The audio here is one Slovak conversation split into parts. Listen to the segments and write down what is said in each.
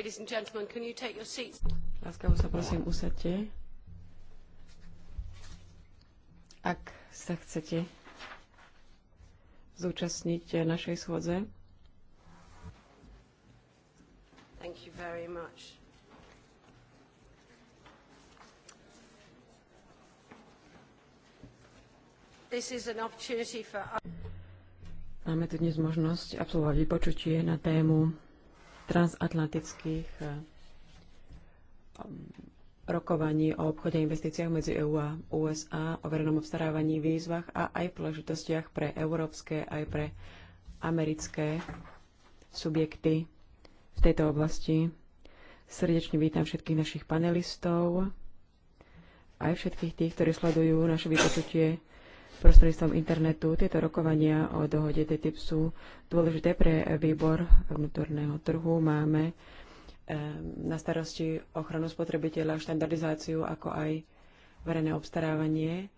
Ladies and gentlemen, can you take your seats? Láskavo sa prosím, usadte. Ak sa chcete zúčastniť našej schôdze. Thank you very much. This is an opportunity for... Máme tu dnes možnosť absolvovať vypočutie na tému transatlantických eh, um, rokovaní o obchode a investíciách medzi EU a USA, o verejnom obstarávaní, výzvach a aj príležitostiach pre európske, aj pre americké subjekty v tejto oblasti. Srdečne vítam všetkých našich panelistov, aj všetkých tých, ktorí sledujú naše vypočutie prostredníctvom internetu. Tieto rokovania o dohode TTIP sú dôležité pre výbor vnútorného trhu. Máme na starosti ochranu spotrebiteľa, štandardizáciu, ako aj verejné obstarávanie.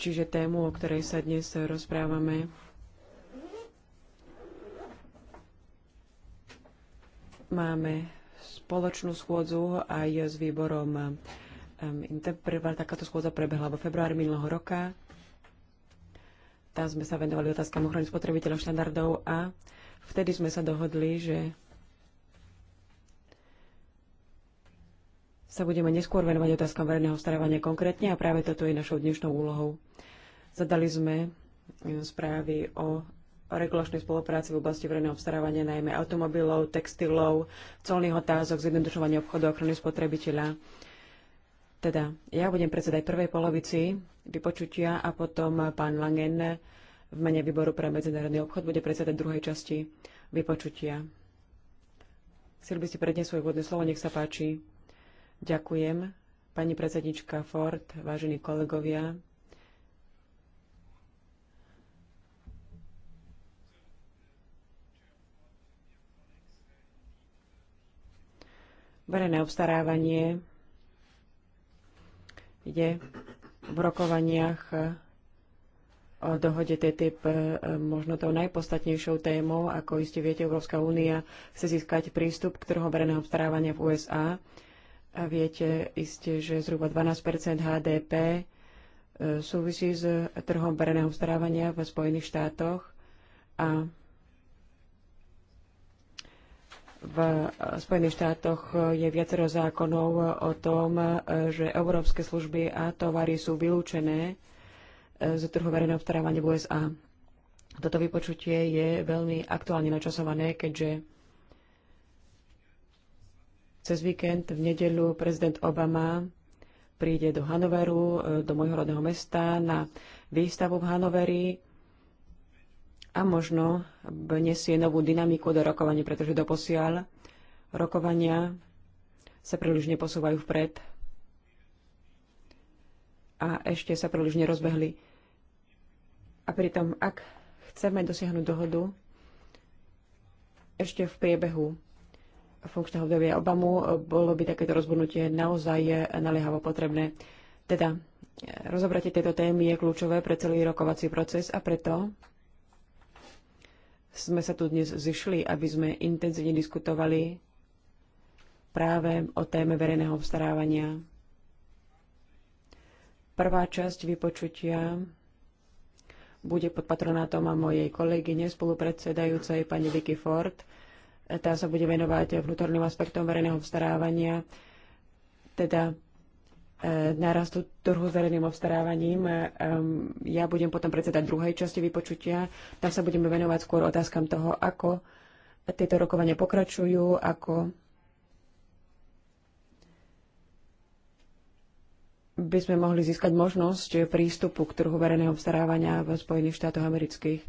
Čiže tému, o ktorej sa dnes rozprávame, máme spoločnú schôdzu aj s výborom um, prvá takáto schôdza prebehla vo februári minulého roka. Tam sme sa venovali otázkam ochrany spotrebiteľov štandardov a vtedy sme sa dohodli, že sa budeme neskôr venovať otázkam verejného starávania konkrétne a práve toto je našou dnešnou úlohou. Zadali sme správy o regulačnej spolupráci v oblasti verejného obstarávania, najmä automobilov, textilov, colných otázok, zjednodušovanie obchodu a ochrany spotrebiteľa. Teda ja budem predsedať prvej polovici vypočutia a potom pán Langen v mene výboru pre medzinárodný obchod bude predsedať druhej časti vypočutia. Chceli by ste predniesť svoje úvodné slovo, nech sa páči. Ďakujem. Pani predsednička Ford, vážení kolegovia, verejné obstarávanie je v rokovaniach o dohode TTIP e, možno tou najpodstatnejšou témou, ako iste viete, Európska únia chce získať prístup k trhom verejného obstarávania v USA. A viete iste, že zhruba 12 HDP e, súvisí s trhom verejného obstarávania v Spojených štátoch a v Spojených štátoch je viacero zákonov o tom, že európske služby a tovary sú vylúčené z trhu verejného obstarávania v USA. Toto vypočutie je veľmi aktuálne načasované, keďže cez víkend v nedeľu prezident Obama príde do Hanoveru, do môjho rodného mesta, na výstavu v Hanoveri a možno vnesie novú dynamiku do rokovania, pretože doposiaľ rokovania sa príliš neposúvajú vpred a ešte sa príliš nerozbehli. A pritom, ak chceme dosiahnuť dohodu ešte v priebehu funkčného obdobia Obamu, bolo by takéto rozhodnutie naozaj naliehavo potrebné. Teda rozobratie tejto témy je kľúčové pre celý rokovací proces a preto sme sa tu dnes zišli, aby sme intenzívne diskutovali práve o téme verejného obstarávania. Prvá časť vypočutia bude pod patronátom a mojej kolegyne, spolupredsedajúcej pani Vicky Ford. Tá sa bude venovať vnútorným aspektom verejného obstarávania, teda narastu trhu s zeleným obstarávaním. Ja budem potom predsedať druhej časti vypočutia. Tam sa budeme venovať skôr otázkam toho, ako tieto rokovania pokračujú, ako by sme mohli získať možnosť prístupu k trhu verejného obstarávania v Spojených štátoch amerických,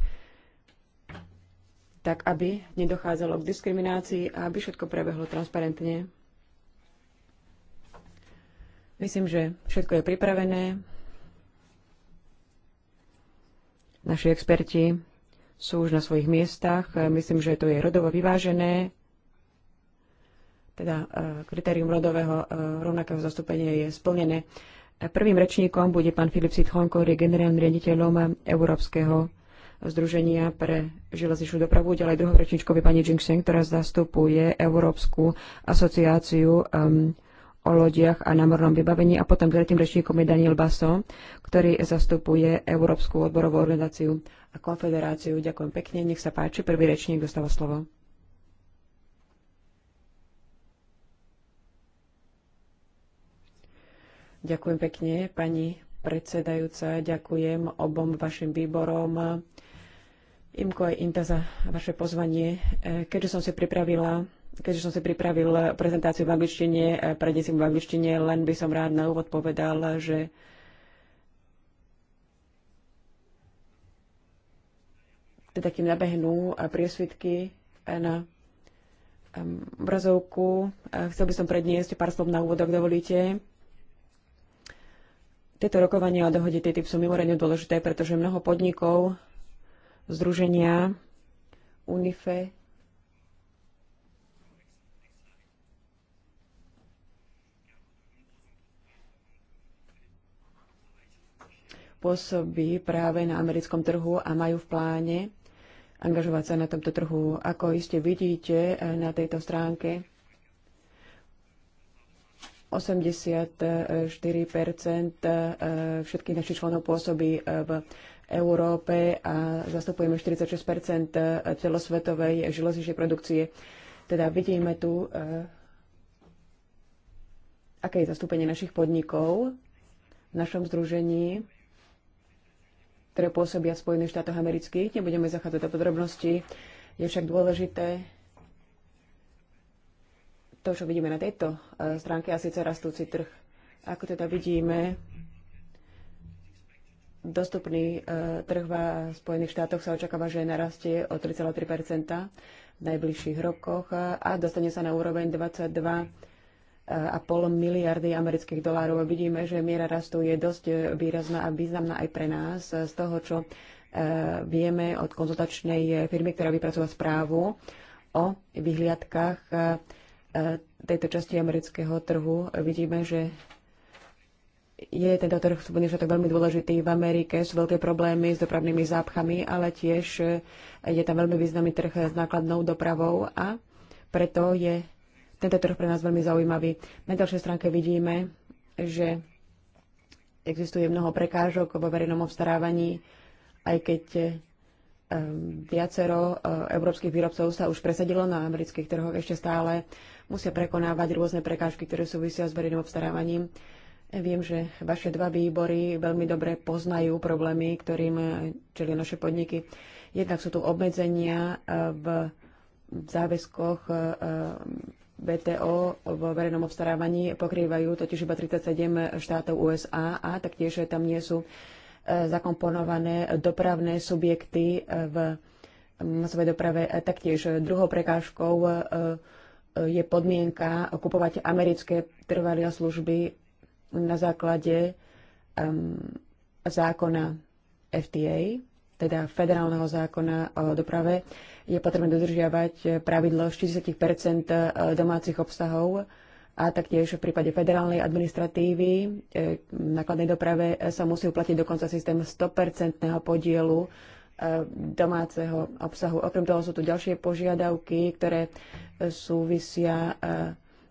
tak aby nedochádzalo k diskriminácii a aby všetko prebehlo transparentne. Myslím, že všetko je pripravené. Naši experti sú už na svojich miestach. Myslím, že to je rodovo vyvážené. Teda eh, kritérium rodového eh, rovnakého zastúpenia je splnené. Eh, prvým rečníkom bude pán Filip Sitchon, ktorý je generálnym riaditeľom Európskeho združenia pre železničnú dopravu. Ďalej druhou rečníčkou je pani Jingsheng, ktorá zastupuje Európsku asociáciu um, o lodiach a námornom vybavení. A potom tretím rečníkom je Daniel Baso, ktorý zastupuje Európsku odborovú organizáciu a konfederáciu. Ďakujem pekne, nech sa páči. Prvý rečník dostáva slovo. Ďakujem pekne, pani predsedajúca. Ďakujem obom vašim výborom. Imko aj Inta za vaše pozvanie. E, keďže som si pripravila keďže som si pripravil prezentáciu v angličtine, eh, prednesím v angličtine, len by som rád na úvod povedal, že teda kým nabehnú eh, priesvitky eh, na obrazovku, chcel by som predniesť pár slov na úvod, ak dovolíte. Tieto rokovania a dohody TTIP sú mimoriadne dôležité, pretože mnoho podnikov, združenia, UNIFE, pôsobí práve na americkom trhu a majú v pláne angažovať sa na tomto trhu. Ako iste vidíte eh, na tejto stránke, 84 eh, všetkých našich členov pôsobí eh, v Európe a zastupujeme 46 celosvetovej železničnej produkcie. Teda vidíme tu, aké je zastúpenie našich podnikov v našom združení ktoré pôsobia v Spojených štátoch amerických. Nebudeme zachádzať do podrobností. Je však dôležité to, čo vidíme na tejto e, stránke, a síce rastúci trh. Ako teda vidíme, dostupný e, trh v Spojených štátoch sa očakáva, že narastie o 3,3 v najbližších rokoch a dostane sa na úroveň 22 a pol miliardy amerických dolárov. Vidíme, že miera rastu je dosť výrazná a významná aj pre nás z toho, čo e, vieme od konzultačnej firmy, ktorá vypracúva správu o vyhliadkách e, e, tejto časti amerického trhu. Vidíme, že je tento trh je to veľmi dôležitý. V Amerike sú veľké problémy s dopravnými zápchami, ale tiež je tam veľmi významný trh s nákladnou dopravou a preto je tento trh pre nás veľmi zaujímavý. Na ďalšej stránke vidíme, že existuje mnoho prekážok vo verejnom obstarávaní, aj keď eh, viacero eh, európskych výrobcov sa už presadilo na amerických trhoch, ešte stále musia prekonávať rôzne prekážky, ktoré súvisia s verejným obstarávaním. Viem, že vaše dva výbory veľmi dobre poznajú problémy, ktorým eh, čelia naše podniky. Jednak sú tu obmedzenia v záväzkoch BTO vo verejnom obstarávaní pokrývajú totiž iba 37 štátov USA a taktiež tam nie sú e, zakomponované dopravné subjekty e, v masovej doprave. E, taktiež druhou prekážkou je podmienka kupovať americké trvalé služby na základe zákona FTA teda federálneho zákona o doprave, je potrebné dodržiavať pravidlo 40 e, domácich obsahov a taktiež v prípade federálnej administratívy v e, nákladnej doprave e, sa musí uplatiť dokonca systém 100 podielu domáceho obsahu. Okrem toho sú tu ďalšie požiadavky, ktoré súvisia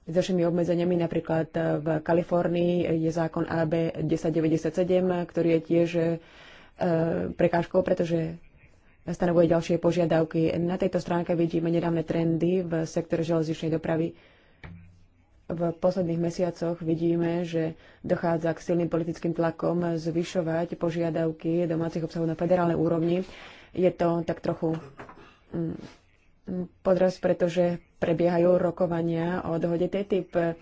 s ďalšími obmedzeniami. Napríklad v Kalifornii je zákon AB 1097, ktorý je tiež E, prekážkou, pretože stanovuje ďalšie požiadavky. Na tejto stránke vidíme nedávne trendy v sektore železničnej dopravy. V posledných mesiacoch vidíme, že dochádza k silným politickým tlakom zvyšovať požiadavky domácich obsahov na federálnej úrovni. Je to tak trochu mm, podraz, pretože prebiehajú rokovania o dohode TTIP.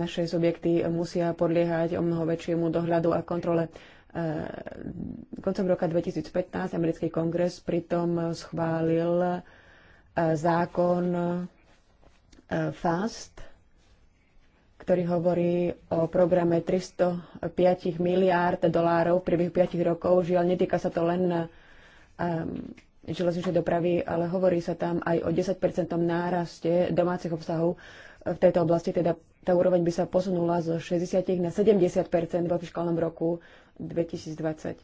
Naše subjekty musia podliehať o mnoho väčšiemu dohľadu a kontrole Eh, koncom roka 2015 americký kongres pritom schválil eh, zákon eh, FAST, ktorý hovorí o programe 305 miliárd dolárov v priebehu 5 rokov. Žiaľ, netýka sa to len um, železničnej dopravy, ale hovorí sa tam aj o 10 náraste domácich obsahov v tejto oblasti, teda tá úroveň by sa posunula zo 60 na 70 vo fiskálnom roku 2020.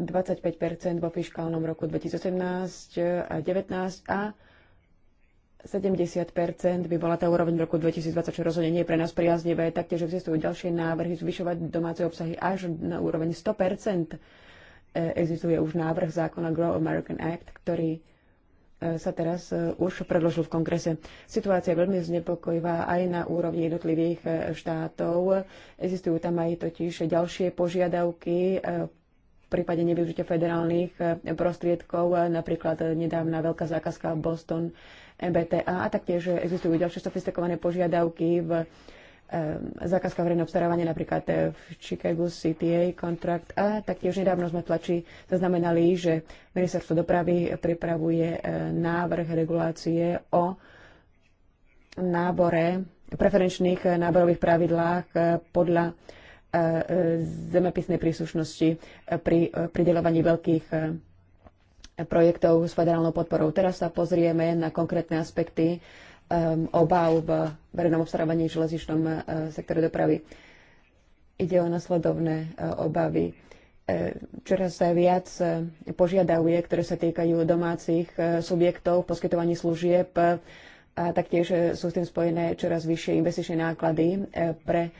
25 vo fiskálnom roku 2018 a 19 a 70 by bola tá úroveň v roku 2020, čo rozhodne nie je pre nás priaznivé. Taktiež existujú ďalšie návrhy zvyšovať domáce obsahy až na úroveň 100 e, Existuje už návrh zákona Grow American Act, ktorý E, sa teraz e, už predložil v kongrese. Situácia je veľmi znepokojivá aj na úrovni jednotlivých e, štátov. Existujú tam aj totiž ďalšie požiadavky v prípade nevyužitia federálnych prostriedkov, napríklad nedávna veľká zákazka Boston MBTA a taktiež existujú ďalšie sofistikované požiadavky v zákazka verejného obstarávania napríklad eh, v Chicago CTA kontrakt a taktiež nedávno sme tlači zaznamenali, že ministerstvo dopravy pripravuje eh, návrh regulácie o nábore, preferenčných eh, náborových pravidlách podľa zemepisnej príslušnosti pri pridelovaní veľkých projektov s federálnou podporou. Teraz sa pozrieme na konkrétne aspekty um, obav v verejnom obstarávaní v železničnom uh, sektore dopravy. Ide o nasledovné uh, obavy. Uh, čoraz viac uh, ktoré sa týkajú domácich uh, subjektov v poskytovaní služieb, uh, a taktiež uh, sú s tým spojené čoraz vyššie investičné náklady uh, pre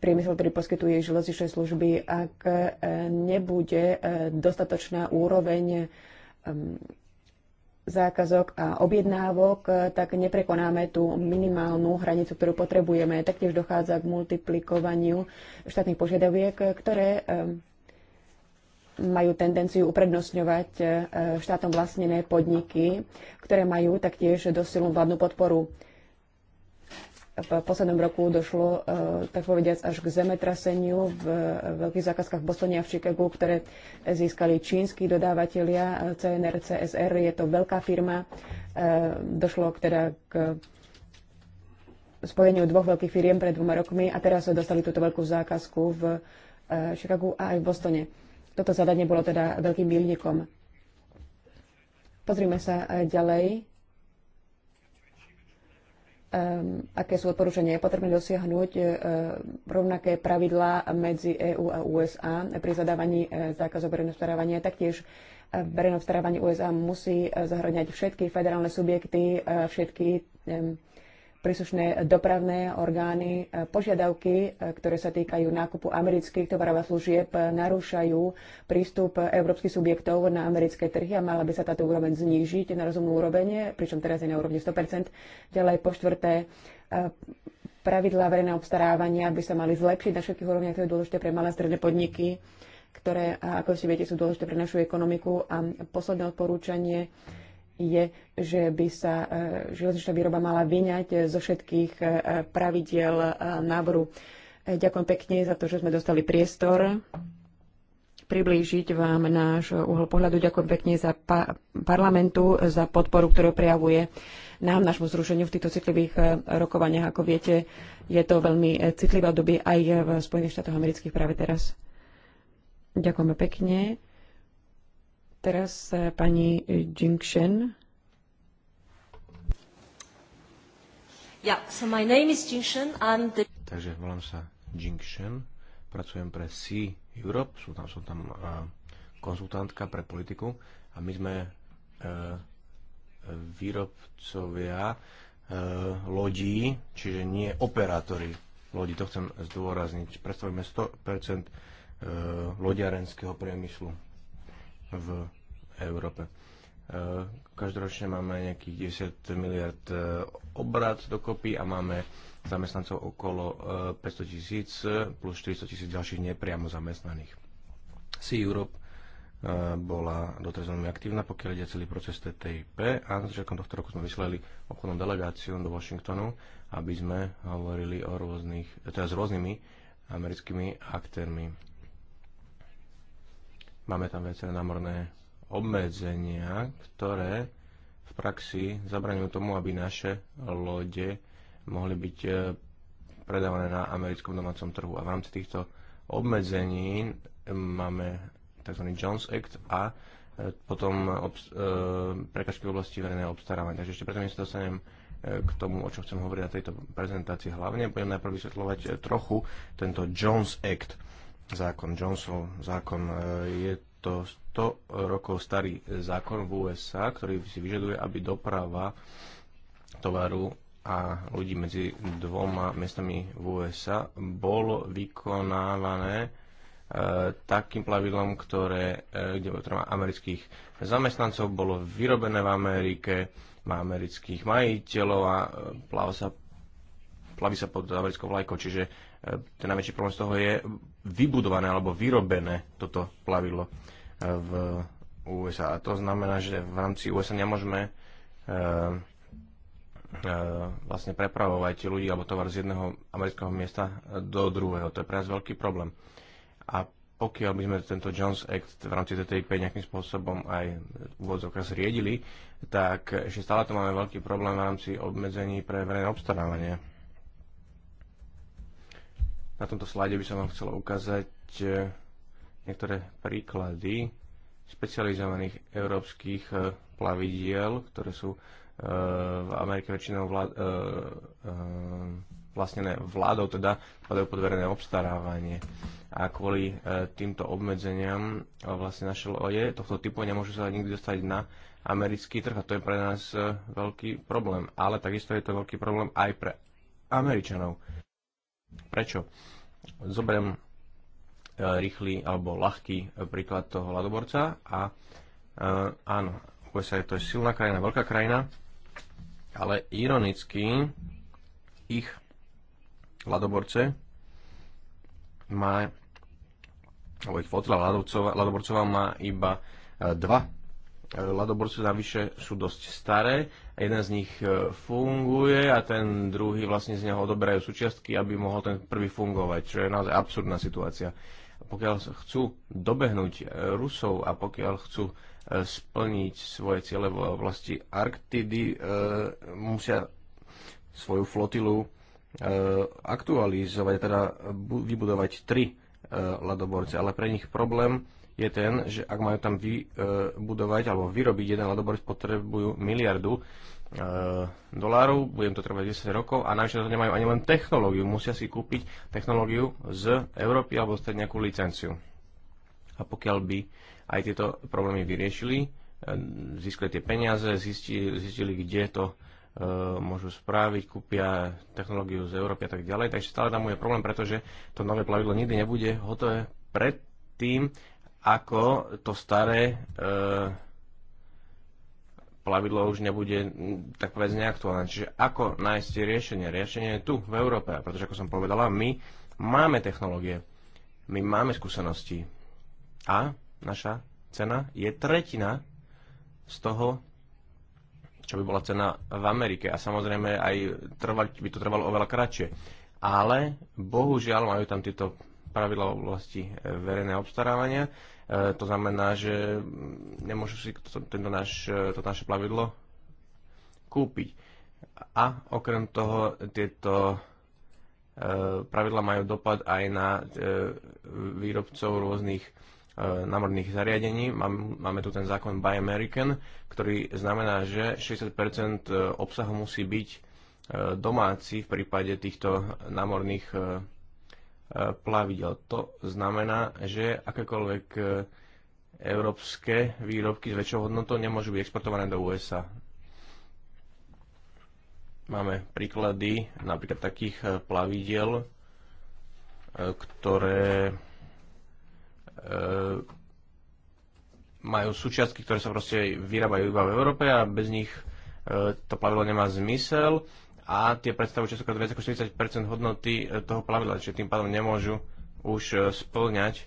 priemysel, ktorý poskytuje železničné služby, ak uh, nebude dostatočná úroveň um, zákazok a objednávok, e, tak neprekonáme tú minimálnu hranicu, ktorú potrebujeme. Taktiež dochádza k multiplikovaniu štátnych požiadaviek, ktoré e, majú tendenciu uprednostňovať e, štátom vlastnené podniky, ktoré majú taktiež dosilnú vládnu podporu v poslednom roku došlo, e, tak povediac, až k zemetraseniu v e, veľkých zákazkách v Bostone a v Chicagu, ktoré získali čínsky dodávateľia e, CNR, CSR. Je to veľká firma. Došlo k, teda k spojeniu dvoch veľkých firiem pred dvoma rokmi a teraz dostali túto veľkú zákazku v Chicagu a aj v Bostone. Toto zadanie bolo teda veľkým milníkom. Pozrime sa ďalej Ehm, aké sú odporúčania. Je potrebné dosiahnuť eh, rovnaké pravidlá medzi EÚ a USA pri zadávaní eh, zákazov verejného starávania. Taktiež eh, verejné starávanie USA musí zahrňať všetky federálne subjekty, všetky ehm, príslušné dopravné orgány. E, požiadavky, e, ktoré sa týkajú nákupu amerických tovarov a služieb, e, narúšajú prístup európskych subjektov na americké trhy a mala by sa táto úroveň znížiť na rozumnú úroveň, pričom teraz je na úrovni 100%. Ďalej po štvrté, pravidlá verejného obstarávania by sa mali zlepšiť na všetkých úrovniach, to je dôležité pre malé a stredné podniky, ktoré, ako si viete, sú dôležité pre našu ekonomiku. A posledné odporúčanie, je, že by sa e, železničná výroba mala vyňať zo všetkých e, pravidiel e, náboru. Ďakujem pekne za to, že sme dostali priestor priblížiť vám náš uhol pohľadu. Ďakujem pekne za pa- parlamentu, za podporu, ktorú prejavuje nám, nášmu zrušeniu v týchto citlivých rokovaniach. Ako viete, je to veľmi citlivá doby aj v Spojených štátoch amerických práve teraz. Ďakujeme pekne. Teraz eh, pani Jingshen. Yeah, so my name is Jingshen. I'm the... Takže volám sa Jingshen, pracujem pre Sea Europe, sú tam, som tam uh, konzultantka pre politiku a my sme uh, výrobcovia uh, lodí, čiže nie operátori lodí. To chcem zdôrazniť. Predstavujeme 100% uh, lodiarenského priemyslu v Európe. E, každoročne máme nejakých 10 miliard e, obrat dokopy a máme zamestnancov okolo 500 e, tisíc plus 400 tisíc ďalších nepriamo zamestnaných. Sea Europe bola doteraz veľmi aktívna, pokiaľ ide celý proces TTIP a na začiatkom tohto roku sme vysleli obchodnú delegáciu do Washingtonu, aby sme hovorili o rôznych, teda s rôznymi americkými aktérmi Máme tam viaceré námorné obmedzenia, ktoré v praxi zabraňujú tomu, aby naše lode mohli byť e, predávané na americkom domácom trhu. A v rámci týchto obmedzení e, máme tzv. Jones Act a e, potom obs- e, prekažky v oblasti verejného obstarávania. Takže ešte predtým, sa dostanem k tomu, o čo chcem hovoriť na tejto prezentácii hlavne, budem najprv vysvetľovať trochu tento Jones Act zákon Johnson, zákon e, je to 100 rokov starý zákon v USA, ktorý si vyžaduje, aby doprava tovaru a ľudí medzi dvoma mestami v USA bolo vykonávané e, takým plavidlom, ktoré, e, kde, ktoré má amerických zamestnancov, bolo vyrobené v Amerike, má amerických majiteľov a e, plaví sa, sa pod americkou vlajkou. Čiže ten najväčší problém z toho je vybudované alebo vyrobené toto plavidlo eh, v USA. A to znamená, že v rámci USA nemôžeme eh, eh, vlastne prepravovať ľudí alebo tovar z jedného amerického miesta do druhého. To je pre nás veľký problém. A pokiaľ by sme tento Jones Act v rámci TTIP nejakým spôsobom aj okres zriedili, tak ešte stále to máme veľký problém v rámci obmedzení pre verejné obstarávanie na tomto slajde by som vám chcel ukázať e, niektoré príklady špecializovaných európskych e, plavidiel, ktoré sú e, v Amerike väčšinou vlád, vlastnené vládou, teda vládou podverené obstarávanie. A kvôli týmto obmedzeniam vlastne naše loje tohto typu nemôžu sa nikdy dostať na americký trh a to je pre nás veľký problém. Ale takisto je to veľký problém aj pre Američanov. Prečo? Zoberiem e, rýchly alebo ľahký e, príklad toho hladoborca a e, áno, USA je to silná krajina, veľká krajina, ale ironicky ich ľadoborce má alebo ich flotila ladoborcová má iba dva ladoborce navyše sú dosť staré, jeden z nich e, funguje a ten druhý vlastne z neho odoberajú súčiastky, aby mohol ten prvý fungovať, čo je naozaj absurdná situácia. Pokiaľ chcú dobehnúť e, Rusov a pokiaľ chcú e, splniť svoje ciele v oblasti Arktidy, musia svoju flotilu aktualizovať, teda vybudovať tri ladoborce, ale pre nich problém je ten, že ak majú tam vybudovať alebo vyrobiť jeden ledobor, potrebujú miliardu e, dolárov, budem to trvať 10 rokov a navyše to nemajú ani len technológiu, musia si kúpiť technológiu z Európy alebo dostať nejakú licenciu. A pokiaľ by aj tieto problémy vyriešili, e, získali tie peniaze, zistili, zistili kde to e, môžu spraviť, kúpia technológiu z Európy a tak ďalej. Takže stále tam je problém, pretože to nové plavidlo nikdy nebude hotové pred tým, ako to staré e, plavidlo už nebude, tak povedz, neaktuálne. Čiže ako nájsť riešenie? Riešenie je tu, v Európe. Pretože, ako som povedala, my máme technológie, my máme skúsenosti. A naša cena je tretina z toho, čo by bola cena v Amerike. A samozrejme aj trvať, by to trvalo oveľa kratšie. Ale bohužiaľ majú tam tieto pravidla v oblasti e, verejného obstarávania. E, to znamená, že nemôžu si to, tento náš, e, to naše plavidlo kúpiť. A okrem toho tieto pravidla majú dopad aj na výrobcov rôznych námorných zariadení. Máme tu ten zákon Buy American, ktorý znamená, že 60% obsahu musí byť domáci v prípade týchto námorných plavidel. To znamená, že akékoľvek e, európske výrobky s väčšou hodnotou nemôžu byť exportované do USA. Máme príklady napríklad takých e, plavidel, e, ktoré majú súčiastky, ktoré sa proste vyrábajú iba v Európe a bez nich to plavidlo nemá zmysel a tie predstavujú častokrát viac ako 40 hodnoty e, toho plavidla, čiže tým pádom nemôžu už e, splňať e,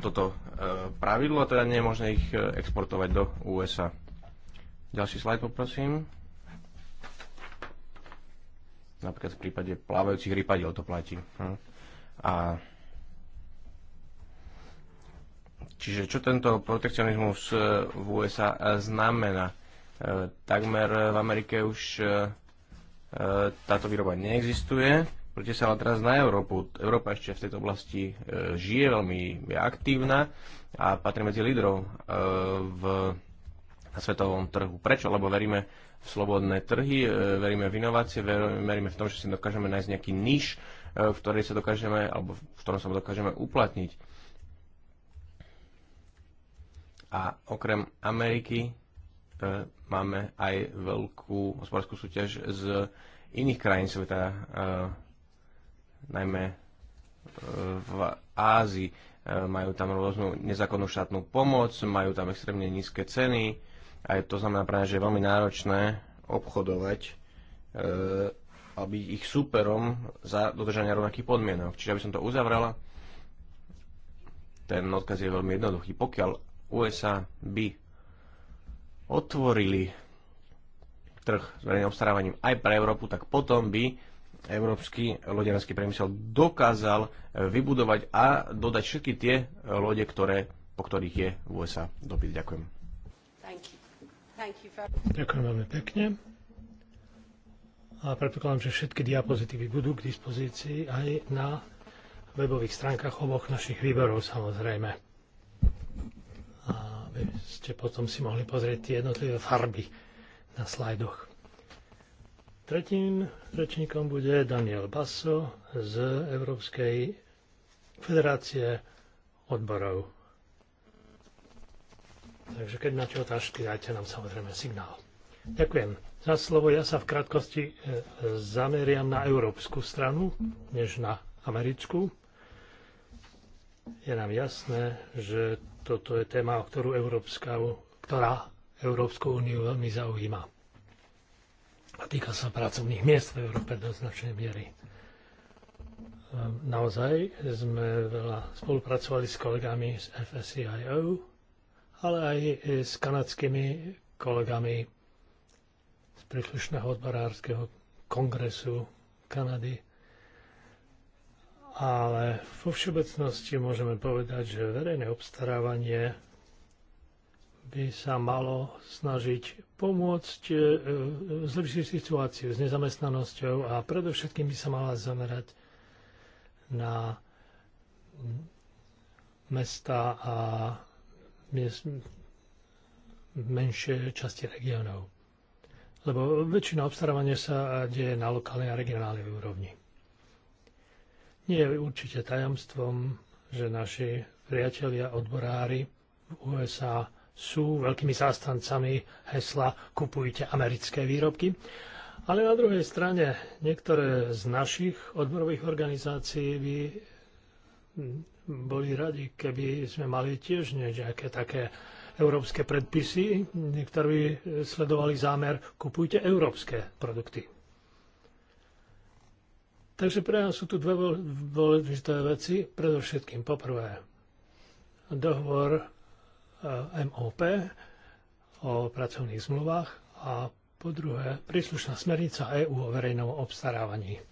toto e, pravidlo, teda nie je možné ich e, exportovať do USA. Ďalší slajd poprosím. Napríklad v prípade plávajúcich rypadiel to platí. Hm. A Čiže čo tento protekcionizmus v USA znamená? Takmer v Amerike už E, táto výroba neexistuje. Poďte sa ale teraz na Európu. Európa ešte v tejto oblasti e, žije, veľmi je aktívna a patrí medzi lídrov e, v, na svetovom trhu. Prečo? Lebo veríme v slobodné trhy, veríme v inovácie, veríme v tom, že si dokážeme nájsť nejaký niž, v ktorej sa dokážeme, alebo v ktorom sa dokážeme uplatniť. A okrem Ameriky máme aj veľkú hospodárskú súťaž z iných krajín sveta, e, najmä e, v Ázii. E, majú tam rôznu nezákonnú štátnu pomoc, majú tam extrémne nízke ceny. Aj to znamená práve, že je veľmi náročné obchodovať a byť ich superom za dodržania rovnakých podmienok. Čiže aby som to uzavrela, ten odkaz je veľmi jednoduchý. Pokiaľ USA by otvorili trh s verejným obstarávaním aj pre Európu, tak potom by európsky lodenský priemysel dokázal vybudovať a dodať všetky tie lode, ktoré, po ktorých je v USA dopyt. Ďakujem. Thank you. Thank you very... Ďakujem veľmi pekne. A predpokladám, že všetky diapozitívy budú k dispozícii aj na webových stránkach oboch našich výborov samozrejme aby ste potom si mohli pozrieť tie jednotlivé farby na slajdoch. Tretím rečníkom bude Daniel Basso z Európskej federácie odborov. Takže keď máte otázky, dajte nám samozrejme signál. Ďakujem za slovo. Ja sa v krátkosti e, zameriam na európsku stranu, než na americkú. Je nám jasné, že toto je téma, o ktorú Európska, ktorá Európsku úniu veľmi zaujíma. A týka sa pracovných miest v Európe do značnej miery. Ehm, naozaj sme veľa spolupracovali s kolegami z FSCIO, ale aj s kanadskými kolegami z príslušného odborárskeho kongresu Kanady ale vo všeobecnosti môžeme povedať, že verejné obstarávanie by sa malo snažiť pomôcť e, e, zlepšiť situáciu s nezamestnanosťou a predovšetkým by sa mala zamerať na mesta a menšie časti regiónov. Lebo väčšina obstarávania sa deje na lokálnej a regionálnej úrovni. Nie je určite tajomstvom, že naši priatelia odborári v USA sú veľkými zástancami hesla kupujte americké výrobky. Ale na druhej strane niektoré z našich odborových organizácií by boli radi, keby sme mali tiež nejaké také európske predpisy, Niektorí sledovali zámer kupujte európske produkty. Takže pre nás sú tu dve dôležité veci. Predovšetkým poprvé dohovor e, MOP o pracovných zmluvách a po druhé príslušná smernica EÚ o verejnom obstarávaní.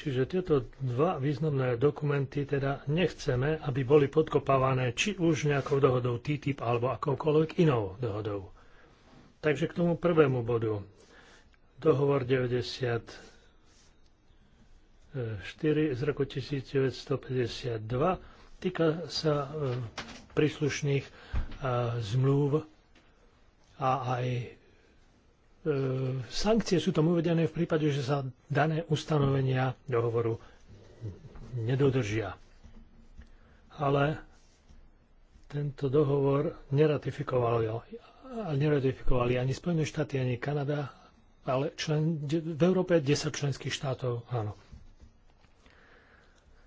Čiže tieto dva významné dokumenty teda nechceme, aby boli podkopávané či už nejakou dohodou TTIP alebo akoukoľvek inou dohodou. Takže k tomu prvému bodu Dohovor 94 z roku 1952 týka sa e, príslušných e, zmluv a aj e, sankcie sú tam uvedené v prípade, že sa dané ustanovenia dohovoru nedodržia. Ale tento dohovor neratifikovali, neratifikovali ani Spojené štáty, ani Kanada, ale člen, v Európe 10 členských štátov, áno.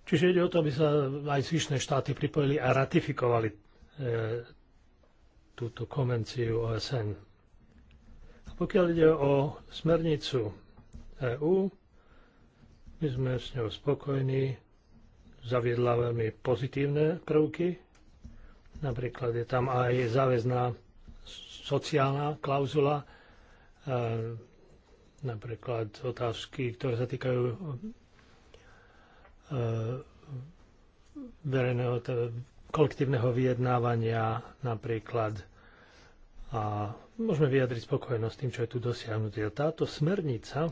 Čiže ide o to, aby sa aj zvyšné štáty pripojili a ratifikovali e, túto konvenciu OSN. A pokiaľ ide o smernicu EÚ, my sme s ňou spokojní, zaviedla veľmi pozitívne prvky. Napríklad je tam aj záväzná sociálna klauzula, e, Napríklad otázky, ktoré sa týkajú e, verejného, kolektívneho vyjednávania napríklad a môžeme vyjadriť spokojnosť tým, čo je tu dosiahnuté. Táto smernica,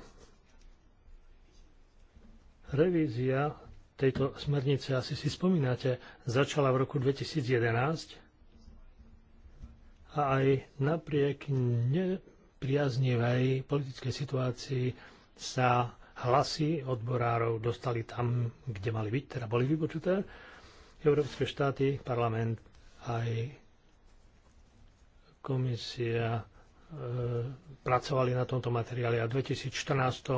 revízia tejto smernice, asi si spomínate, začala v roku 2011 a aj napriek ne, priaznivej politickej situácii sa hlasy odborárov dostali tam, kde mali byť, teda boli vypočuté. Európske štáty, parlament aj komisia e, pracovali na tomto materiáli a v 2014 e,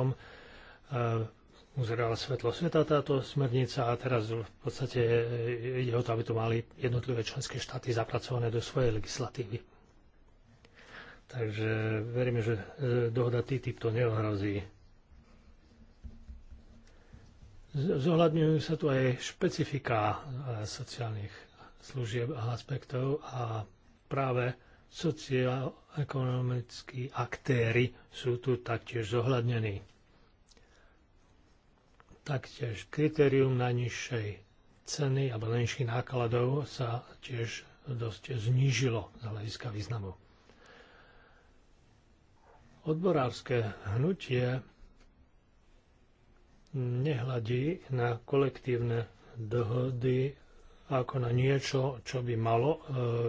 uzerala svetlo sveta táto smernica a teraz v podstate e, ide o to, aby to mali jednotlivé členské štáty zapracované do svojej legislatívy. Takže veríme, že e, dohoda TTIP to neohrozí. Zohľadňujú sa tu aj špecifika e, sociálnych služieb a aspektov a práve socioekonomickí aktéry sú tu taktiež zohľadnení. Taktiež kritérium najnižšej ceny alebo najnižších nákladov sa tiež dosť znížilo z hľadiska významu. Odborárske hnutie nehľadí na kolektívne dohody ako na niečo, čo by malo e,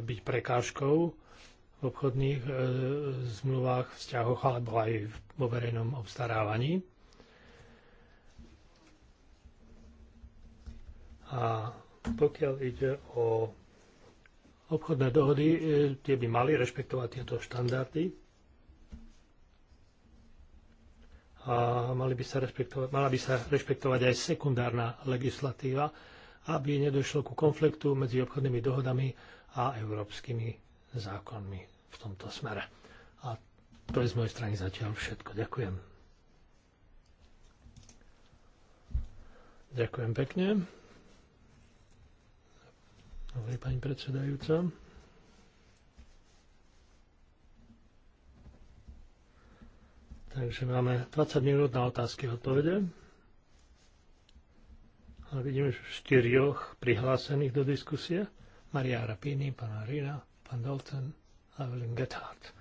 byť prekážkou v obchodných e, zmluvách, vzťahoch alebo aj vo verejnom obstarávaní. A pokiaľ ide o obchodné dohody, e, tie by mali rešpektovať tieto štandardy a mali by sa rešpektovať, mala by sa rešpektovať aj sekundárna legislatíva, aby nedošlo ku konfliktu medzi obchodnými dohodami a európskymi zákonmi v tomto smere. A to je z mojej strany zatiaľ všetko. Ďakujem. Ďakujem pekne. Dobre, pani predsedajúca. Takže máme 20 minút na otázky a odpovede. A vidíme štyrioch prihlásených do diskusie. Maria Rapini, pána Arina, pán Dalton a Evelyn Gethard.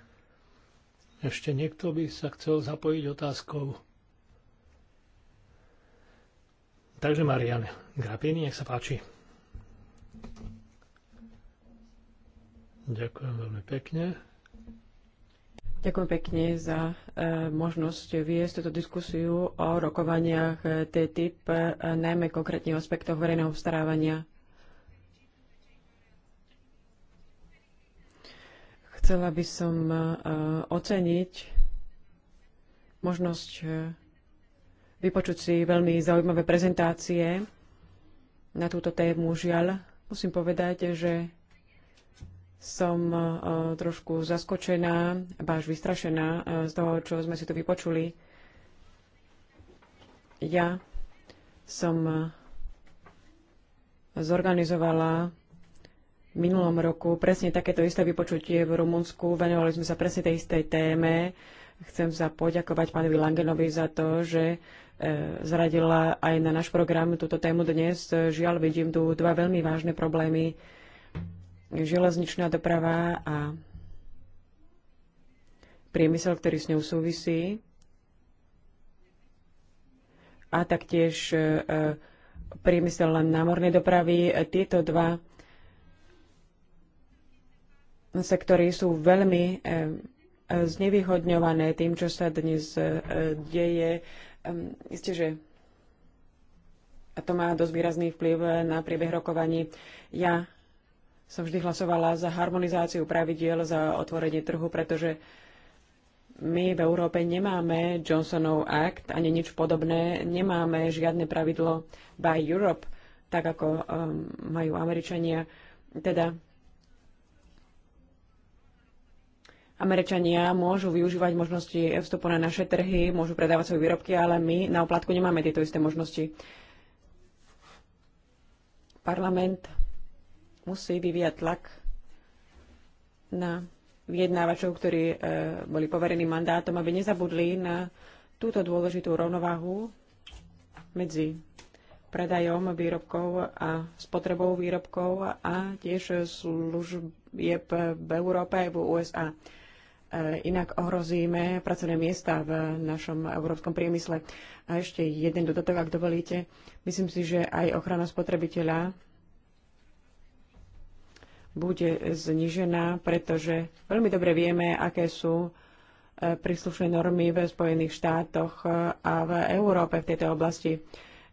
Ešte niekto by sa chcel zapojiť otázkou? Takže Marianne Grapini, nech sa páči. Ďakujem veľmi pekne. Ďakujem pekne za e, možnosť viesť túto diskusiu o rokovaniach e, TTIP, e, najmä konkrétne o aspektoch verejného obstarávania. Chcela by som oceniť možnosť vypočuť si veľmi zaujímavé prezentácie na túto tému. Žiaľ, musím povedať, že som e, trošku zaskočená, až vystrašená e, z toho, čo sme si tu vypočuli. Ja som e, zorganizovala v minulom roku presne takéto isté vypočutie v Rumunsku. Venovali sme sa presne tej istej téme. Chcem sa poďakovať pánovi Langenovi za to, že zradila aj na náš program túto tému dnes. Žiaľ, vidím tu dva veľmi vážne problémy železničná doprava a priemysel, ktorý s ňou súvisí a taktiež e, e, priemysel námornej dopravy. Tieto dva sektory sú veľmi e, znevýhodňované tým, čo sa dnes deje. Isté, že to má dosť výrazný vplyv na priebeh rokovaní. Ja som vždy hlasovala za harmonizáciu pravidiel, za otvorenie trhu, pretože my v Európe nemáme Johnsonov Act ani nič podobné, nemáme žiadne pravidlo by Europe, tak ako um, majú Američania. Teda Američania môžu využívať možnosti vstupu na naše trhy, môžu predávať svoje výrobky, ale my na oplatku nemáme tieto isté možnosti. Parlament musí vyvíjať tlak na vyjednávačov, ktorí e, boli poverení mandátom, aby nezabudli na túto dôležitú rovnováhu medzi predajom výrobkov a spotrebou výrobkov a tiež služieb v Európe aj v USA. E, inak ohrozíme pracovné miesta v našom európskom priemysle. A ešte jeden dodatok, ak dovolíte. Myslím si, že aj ochrana spotrebiteľa bude znižená, pretože veľmi dobre vieme, aké sú e, príslušné normy v Spojených štátoch e, a v Európe v tejto oblasti.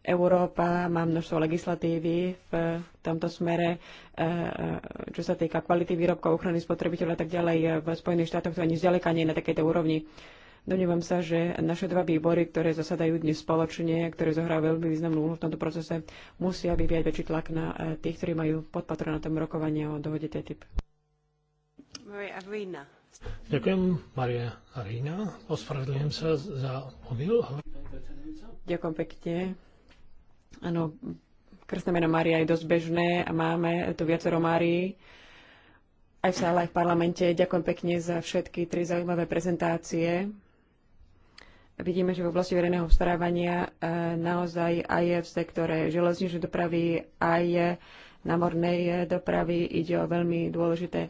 Európa má množstvo legislatívy v e, tomto smere, čo sa týka kvality výrobkov, ochrany spotrebiteľa a tak ďalej. V Spojených štátoch to ani zďaleka nie je na takejto úrovni. Domnievam sa, že naše dva výbory, ktoré zasadajú dnes spoločne, ktoré zohrávajú veľmi významnú úlohu v tomto procese, musia vyviať väčší tlak na e, tých, ktorí majú na tom rokovanie o dohode TTIP. Maria Ďakujem, Maria Arina. Ospravedlňujem sa za mobil. Ďakujem pekne. Áno, krstné meno Maria je dosť bežné a máme tu viacero Márií aj v sále, aj v parlamente. Ďakujem pekne za všetky tri zaujímavé prezentácie. Vidíme, že v oblasti verejného obstarávania e, naozaj aj v sektore železničnej dopravy, aj námornej dopravy ide o veľmi dôležité e,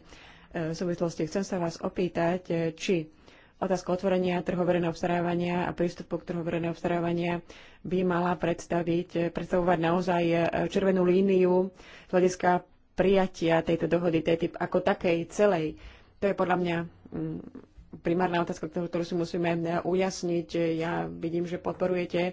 súvislosti. Chcem sa vás opýtať, e, či otázka otvorenia trhu verejného obstarávania a prístupu k trhu verejného obstarávania by mala predstaviť, predstavovať naozaj červenú líniu z hľadiska prijatia tejto dohody, tej typ ako takej celej. To je podľa mňa mm, primárna otázka, ktorú si musíme e, ujasniť. Ja vidím, že podporujete e,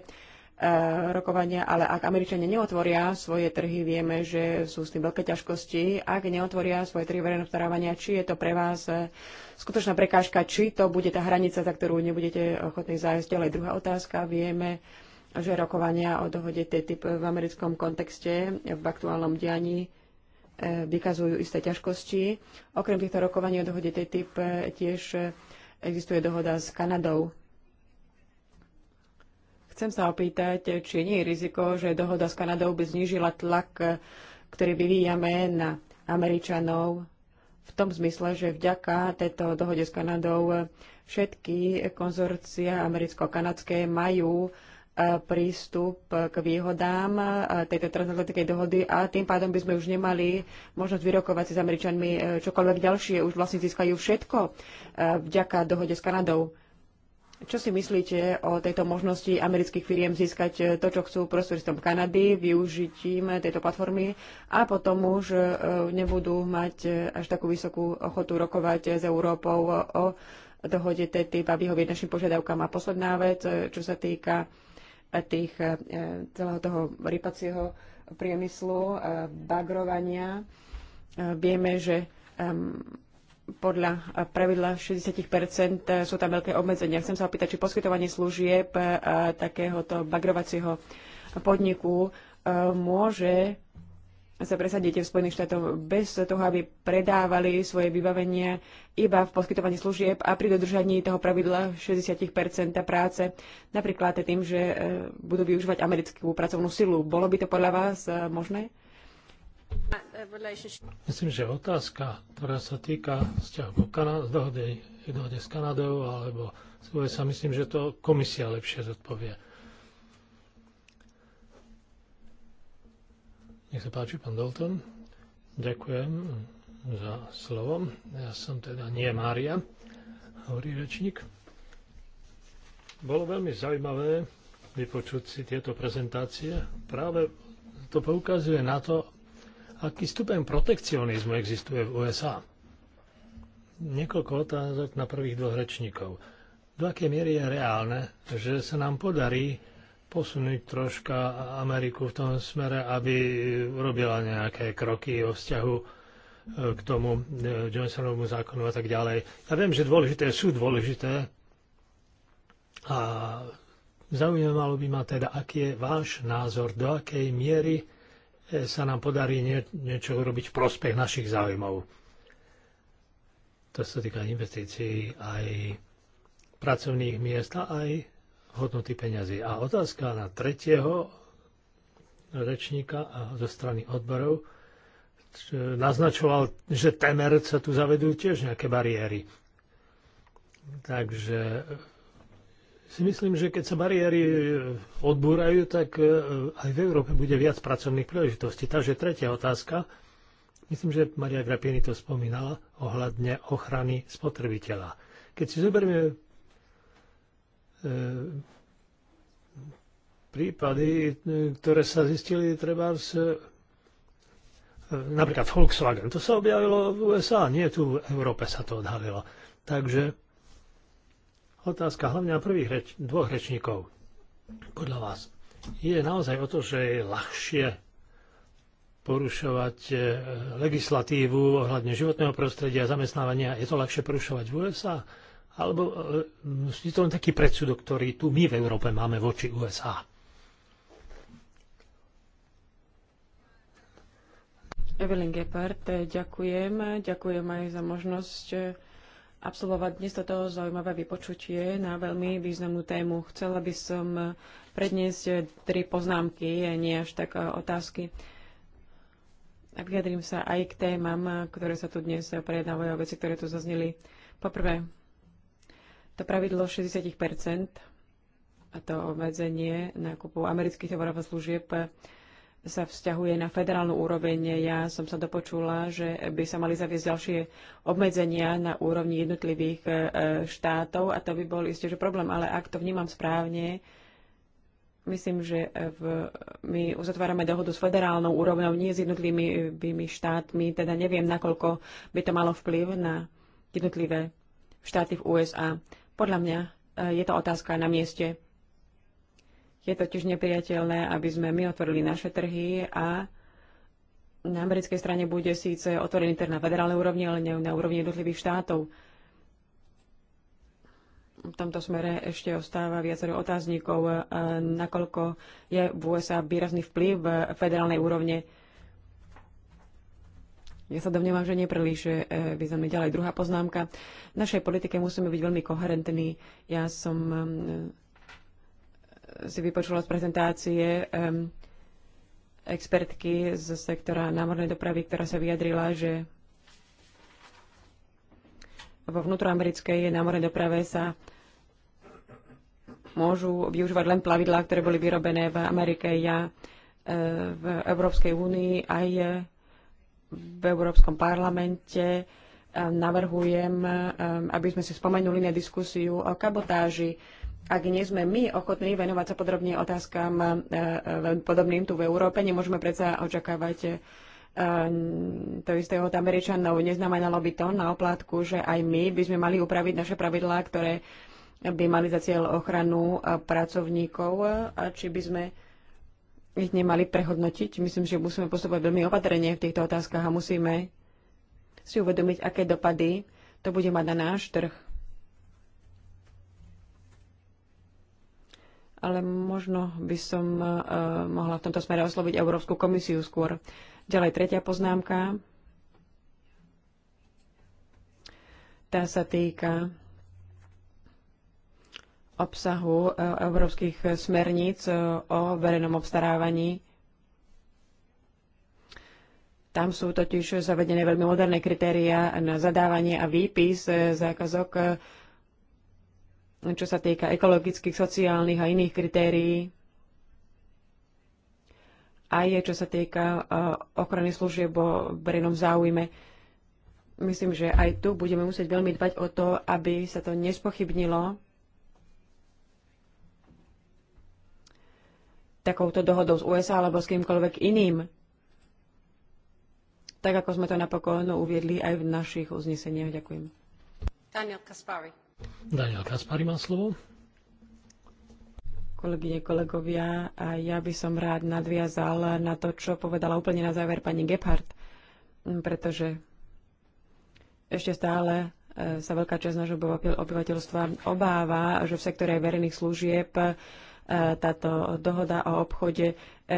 rokovania, ale ak Američania neotvoria svoje trhy, vieme, že sú s tým veľké ťažkosti. Ak neotvoria svoje trhy verejného starávania, či je to pre vás e, skutočná prekážka, či to bude tá hranica, za ktorú nebudete ochotní zájsť. Ale druhá otázka, vieme, že rokovania o dohode TTIP v americkom kontexte, v aktuálnom dianí, vykazujú isté ťažkosti. Okrem týchto rokovaní o dohode TTIP tiež Existuje dohoda s Kanadou. Chcem sa opýtať, či nie je riziko, že dohoda s Kanadou by znížila tlak, ktorý vyvíjame na Američanov v tom zmysle, že vďaka tejto dohode s Kanadou všetky konzorcia americko-kanadské majú E, prístup k výhodám e, tejto transatlantickej dohody a tým pádom by sme už nemali možnosť vyrokovať si s Američanmi e, čokoľvek ďalšie. Už vlastne získajú všetko vďaka dohode s Kanadou. Čo si myslíte o tejto možnosti amerických firiem získať to, čo chcú prostredstvom Kanady, využitím tejto platformy a potom už nebudú mať až takú vysokú ochotu rokovať s Európou o dohode TTIP a vyhovieť našim požiadavkám. A posledná vec, čo sa týka tých, e, celého toho rypacieho priemyslu, e, bagrovania. E, vieme, že podľa pravidla 60 sú tam veľké obmedzenia. Chcem sa opýtať, či poskytovanie služieb takéhoto bagrovacieho podniku môže sa presadíte v Spojených štátoch bez toho, aby predávali svoje vybavenie iba v poskytovaní služieb a pri dodržaní toho pravidla 60 práce, napríklad tým, že e, budú využívať americkú pracovnú silu. Bolo by to podľa vás e, možné? Myslím, že otázka, ktorá sa týka vzťahu dohody, s Kanadou alebo s USA, myslím, že to komisia lepšie zodpovie. Nech sa páči, pán Dalton. Ďakujem za slovo. Ja som teda nie Mária, hovorí rečník. Bolo veľmi zaujímavé vypočuť si tieto prezentácie. Práve to poukazuje na to, aký stupeň protekcionizmu existuje v USA. Niekoľko otázok na prvých dvoch rečníkov. Do akej miery je reálne, že sa nám podarí posunúť troška Ameriku v tom smere, aby robila nejaké kroky o vzťahu e, k tomu e, Johnsonovmu zákonu a tak ďalej. Ja viem, že dôležité sú dôležité a zaujímalo by ma teda, aký je váš názor, do akej miery e, sa nám podarí nie, niečo urobiť v prospech našich záujmov. To sa týka investícií aj pracovných miest a aj hodnoty peňazí. A otázka na tretieho rečníka a zo strany odborov naznačoval, že temer sa tu zavedú tiež nejaké bariéry. Takže e, si myslím, že keď sa bariéry e, odbúrajú, tak e, aj v Európe bude viac pracovných príležitostí. Takže tretia otázka. Myslím, že Maria Grapini to spomínala ohľadne ochrany spotrebiteľa. Keď si zoberieme E, prípady, e, ktoré sa zistili treba z, e, napríklad Volkswagen. To sa objavilo v USA, nie tu v Európe sa to odhalilo. Takže otázka hlavne na prvých reč, dvoch rečníkov. Podľa vás je naozaj o to, že je ľahšie porušovať legislatívu ohľadne životného prostredia a zamestnávania. Je to ľahšie porušovať v USA? alebo je to len taký predsudok, ktorý tu my v Európe máme voči USA? Evelyn Gepard, ďakujem. Ďakujem aj za možnosť e, absolvovať dnes toto zaujímavé vypočutie na veľmi významnú tému. Chcela by som e, predniesť e, tri poznámky, nie až tak otázky. A vyjadrím sa aj k témam, ktoré sa tu dnes prejednávajú, veci, ktoré tu zazneli. Poprvé, to pravidlo 60 a to obmedzenie nákupu amerických tovarov a služieb sa vzťahuje na federálnu úroveň. Ja som sa dopočula, že by sa mali zaviesť ďalšie obmedzenia na úrovni jednotlivých e, štátov a to by bol isté, že problém. Ale ak to vnímam správne, myslím, že v, my uzatvárame dohodu s federálnou úrovňou, nie s jednotlivými štátmi, teda neviem, nakoľko by to malo vplyv na jednotlivé štáty v USA. Podľa mňa e, je to otázka na mieste. Je totiž nepriateľné, aby sme my otvorili naše trhy a na americkej strane bude síce otvorený trh na federálnej úrovni, ale nie na úrovni jednotlivých štátov. V tomto smere ešte ostáva viacero otáznikov, e, nakoľko je v USA výrazný vplyv e, federálnej úrovne ja sa domnievam, že nie príliš sme eh, Ďalej druhá poznámka. V našej politike musíme byť veľmi koherentní. Ja som eh, si vypočula z prezentácie eh, expertky z sektora námornej dopravy, ktorá sa vyjadrila, že vo vnútroamerickej námornej doprave sa môžu využívať len plavidlá, ktoré boli vyrobené v Amerike. Ja v Európskej únii aj v Európskom parlamente e, navrhujem, e, aby sme si spomenuli na diskusiu o kabotáži. Ak nie sme my ochotní venovať sa podrobne otázkam e, podobným tu v Európe, nemôžeme predsa očakávať to isté od Američanov. Neznamenalo by to na oplátku, že aj my by sme mali upraviť naše pravidlá, ktoré by mali za cieľ ochranu pracovníkov, či by sme ich nemali prehodnotiť. Myslím, že musíme postupovať veľmi opatrne v týchto otázkach a musíme si uvedomiť, aké dopady to bude mať na náš trh. Ale možno by som uh, mohla v tomto smere osloviť Európsku komisiu skôr. Ďalej tretia poznámka. Tá sa týka obsahu e, európskych e, smerníc e, o verejnom obstarávaní. Tam sú totiž zavedené veľmi moderné kritéria na zadávanie a výpis zákazok, čo sa týka ekologických, sociálnych a iných kritérií. Aj čo sa týka ochrany služieb o verejnom záujme. Myslím, že aj tu budeme musieť veľmi dbať o to, aby sa to nespochybnilo takouto dohodou z USA alebo s kýmkoľvek iným. Tak ako sme to napokon uviedli aj v našich uzneseniach. Ďakujem. Daniel Kaspari. Daniel Kaspari má slovo. Kolegyne, kolegovia, a ja by som rád nadviazal na to, čo povedala úplne na záver pani Gebhardt, pretože ešte stále e, sa veľká časť nášho obyvateľstva obáva, že v sektore verejných služieb E, táto dohoda o obchode e,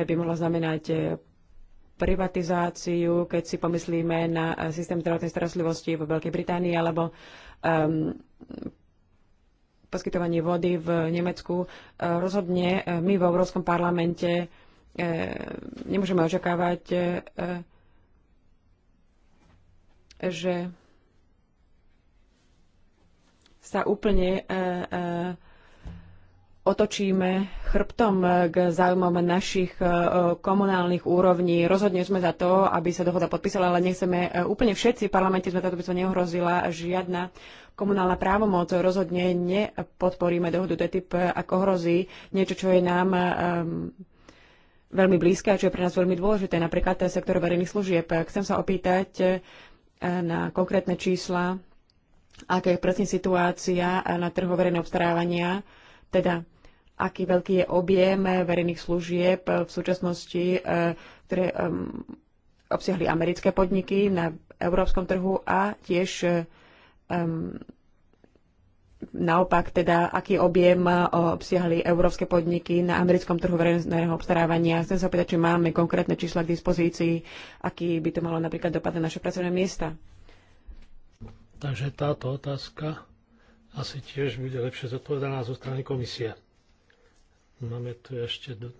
by mohla znamenať e, privatizáciu, keď si pomyslíme na systém zdravotnej starostlivosti vo Veľkej Británii alebo um, poskytovanie vody v Nemecku. Rozhodne my v Európskom parlamente nemôžeme očakávať, že sa úplne otočíme chrbtom k záujmom našich e, komunálnych úrovní. Rozhodne sme za to, aby sa dohoda podpísala, ale nechceme e, úplne všetci v parlamente sme táto by sa neohrozila žiadna komunálna právomoc. Rozhodne nepodporíme dohodu TTIP, e, ako hrozí niečo, čo je nám veľmi blízke a čo je pre nás veľmi dôležité, napríklad sektor verejných služieb. Chcem sa opýtať na konkrétne čísla, aká je presne situácia na trhu verejného obstarávania, teda aký veľký je objem eh, verejných služieb eh, v súčasnosti, eh, ktoré obsiahli americké podniky na európskom trhu a tiež naopak teda, aký objem obsiahli európske podniky na americkom trhu verejného obstarávania. Chcem sa opýtať, či máme konkrétne čísla k dispozícii, aký by to malo napríklad dopad na naše pracovné miesta. Takže táto otázka asi tiež bude lepšie zodpovedaná zo strany komisie. Máme tu ešte do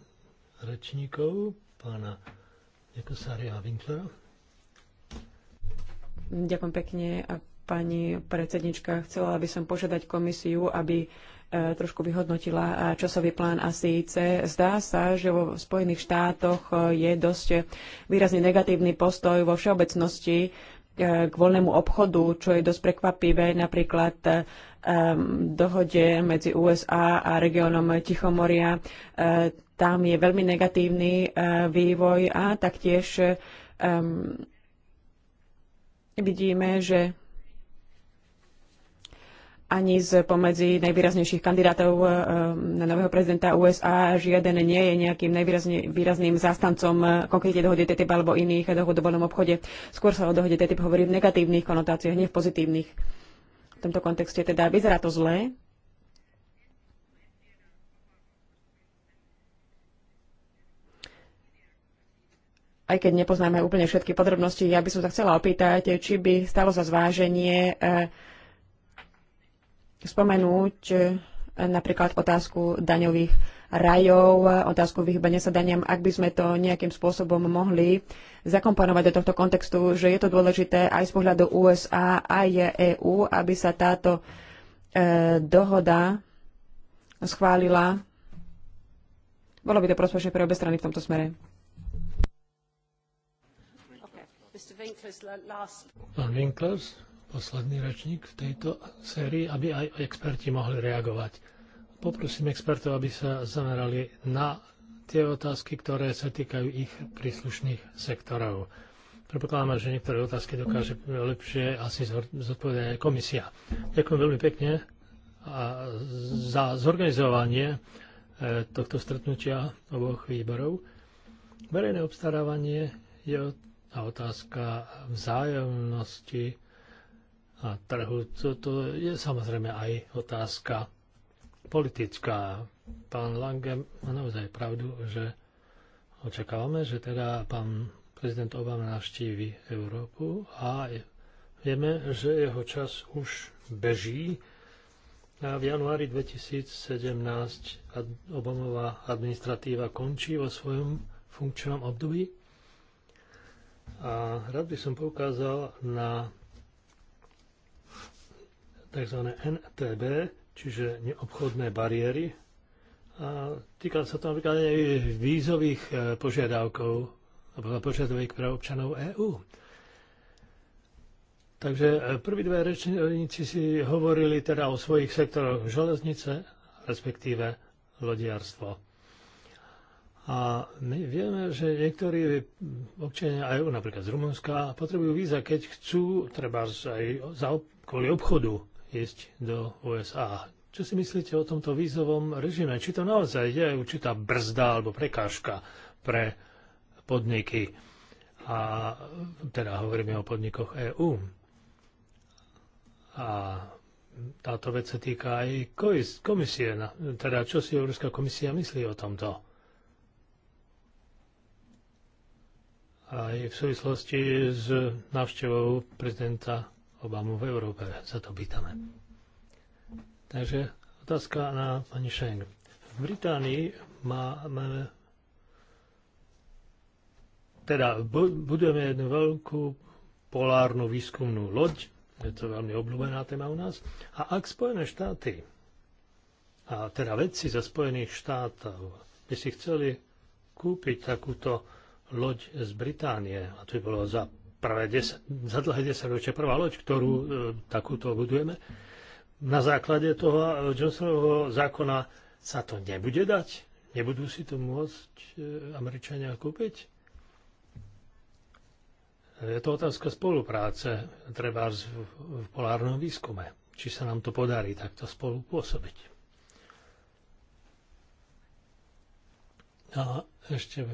rečníkov, pána Nekosária Winklera. Ďakujem pekne. A pani predsednička, chcela by som požiadať komisiu, aby e, trošku vyhodnotila e, časový plán a síce zdá sa, že vo Spojených štátoch e, je dosť výrazne negatívny postoj vo všeobecnosti k voľnému obchodu, čo je dosť prekvapivé. Napríklad dohode medzi USA a regiónom Tichomoria. Tam je veľmi negatívny eh, vývoj a taktiež vidíme, že ani z pomedzi najvýraznejších kandidátov eh, na nového prezidenta USA žiaden nie je nejakým najvýrazným zástancom eh, konkrétne dohody TTIP alebo iných dohod o voľnom obchode. Skôr sa o dohode TTIP hovorí v negatívnych konotáciách, nie v pozitívnych v tomto kontexte. Teda vyzerá to zlé. Aj keď nepoznáme úplne všetky podrobnosti, ja by som sa chcela opýtať, či by stalo za zváženie eh, spomenúť eh, napríklad otázku daňových rajov, otázku vyhybania sa daniam, ak by sme to nejakým spôsobom mohli zakomponovať do tohto kontextu, že je to dôležité aj z pohľadu USA, aj EÚ, e aby sa táto e, dohoda schválila. Bolo by to prospešné pre obe strany v tomto smere. Pán Winklers, posledný rečník v tejto sérii, aby aj experti mohli reagovať poprosím expertov, aby sa zamerali na tie otázky, ktoré sa týkajú ich príslušných sektorov. Prepokladám, že niektoré otázky dokáže lepšie asi zodpovedať aj komisia. Ďakujem veľmi pekne a za zorganizovanie e, tohto stretnutia oboch výborov. Verejné obstarávanie je otázka vzájomnosti a trhu. To, to je samozrejme aj otázka politická. Pán Lange má naozaj pravdu, že očakávame, že teda pán prezident Obama navštívi Európu a vieme, že jeho čas už beží. A v januári 2017 Obamová administratíva končí vo svojom funkčnom období. A rád by som poukázal na tzv. NTB, čiže obchodné bariéry. A týka sa to napríklad aj vízových e, požiadavkov alebo požiadaviek pre občanov EÚ. Takže e, prví dve rečníci si hovorili teda o svojich sektoroch železnice, respektíve lodiarstvo. A my vieme, že niektorí občania aj e napríklad z Rumunska potrebujú víza, keď chcú treba aj za, kvôli obchodu ísť do USA. Čo si myslíte o tomto vízovom režime? Či to naozaj je určitá brzda alebo prekážka pre podniky? A teda hovoríme o podnikoch EÚ. A táto vec sa týka aj komisie. Teda čo si Európska komisia myslí o tomto? Aj v súvislosti s návštevou prezidenta Obamu v Európe sa to pýtame. Takže otázka na pani Scheng. V Británii máme teda budujeme jednu veľkú polárnu výskumnú loď, je to veľmi obľúbená téma u nás, a ak Spojené štáty, a teda vedci zo Spojených štátov, by si chceli kúpiť takúto loď z Británie, a to by bolo za prvé 10, za dlhé 10 ročia prvá loď, ktorú e, takúto budujeme. Na základe toho e, Johnsonovho zákona sa to nebude dať? Nebudú si to môcť e, Američania kúpiť? Je to otázka spolupráce, treba v, v polárnom výskume. Či sa nám to podarí takto spolu pôsobiť. A ešte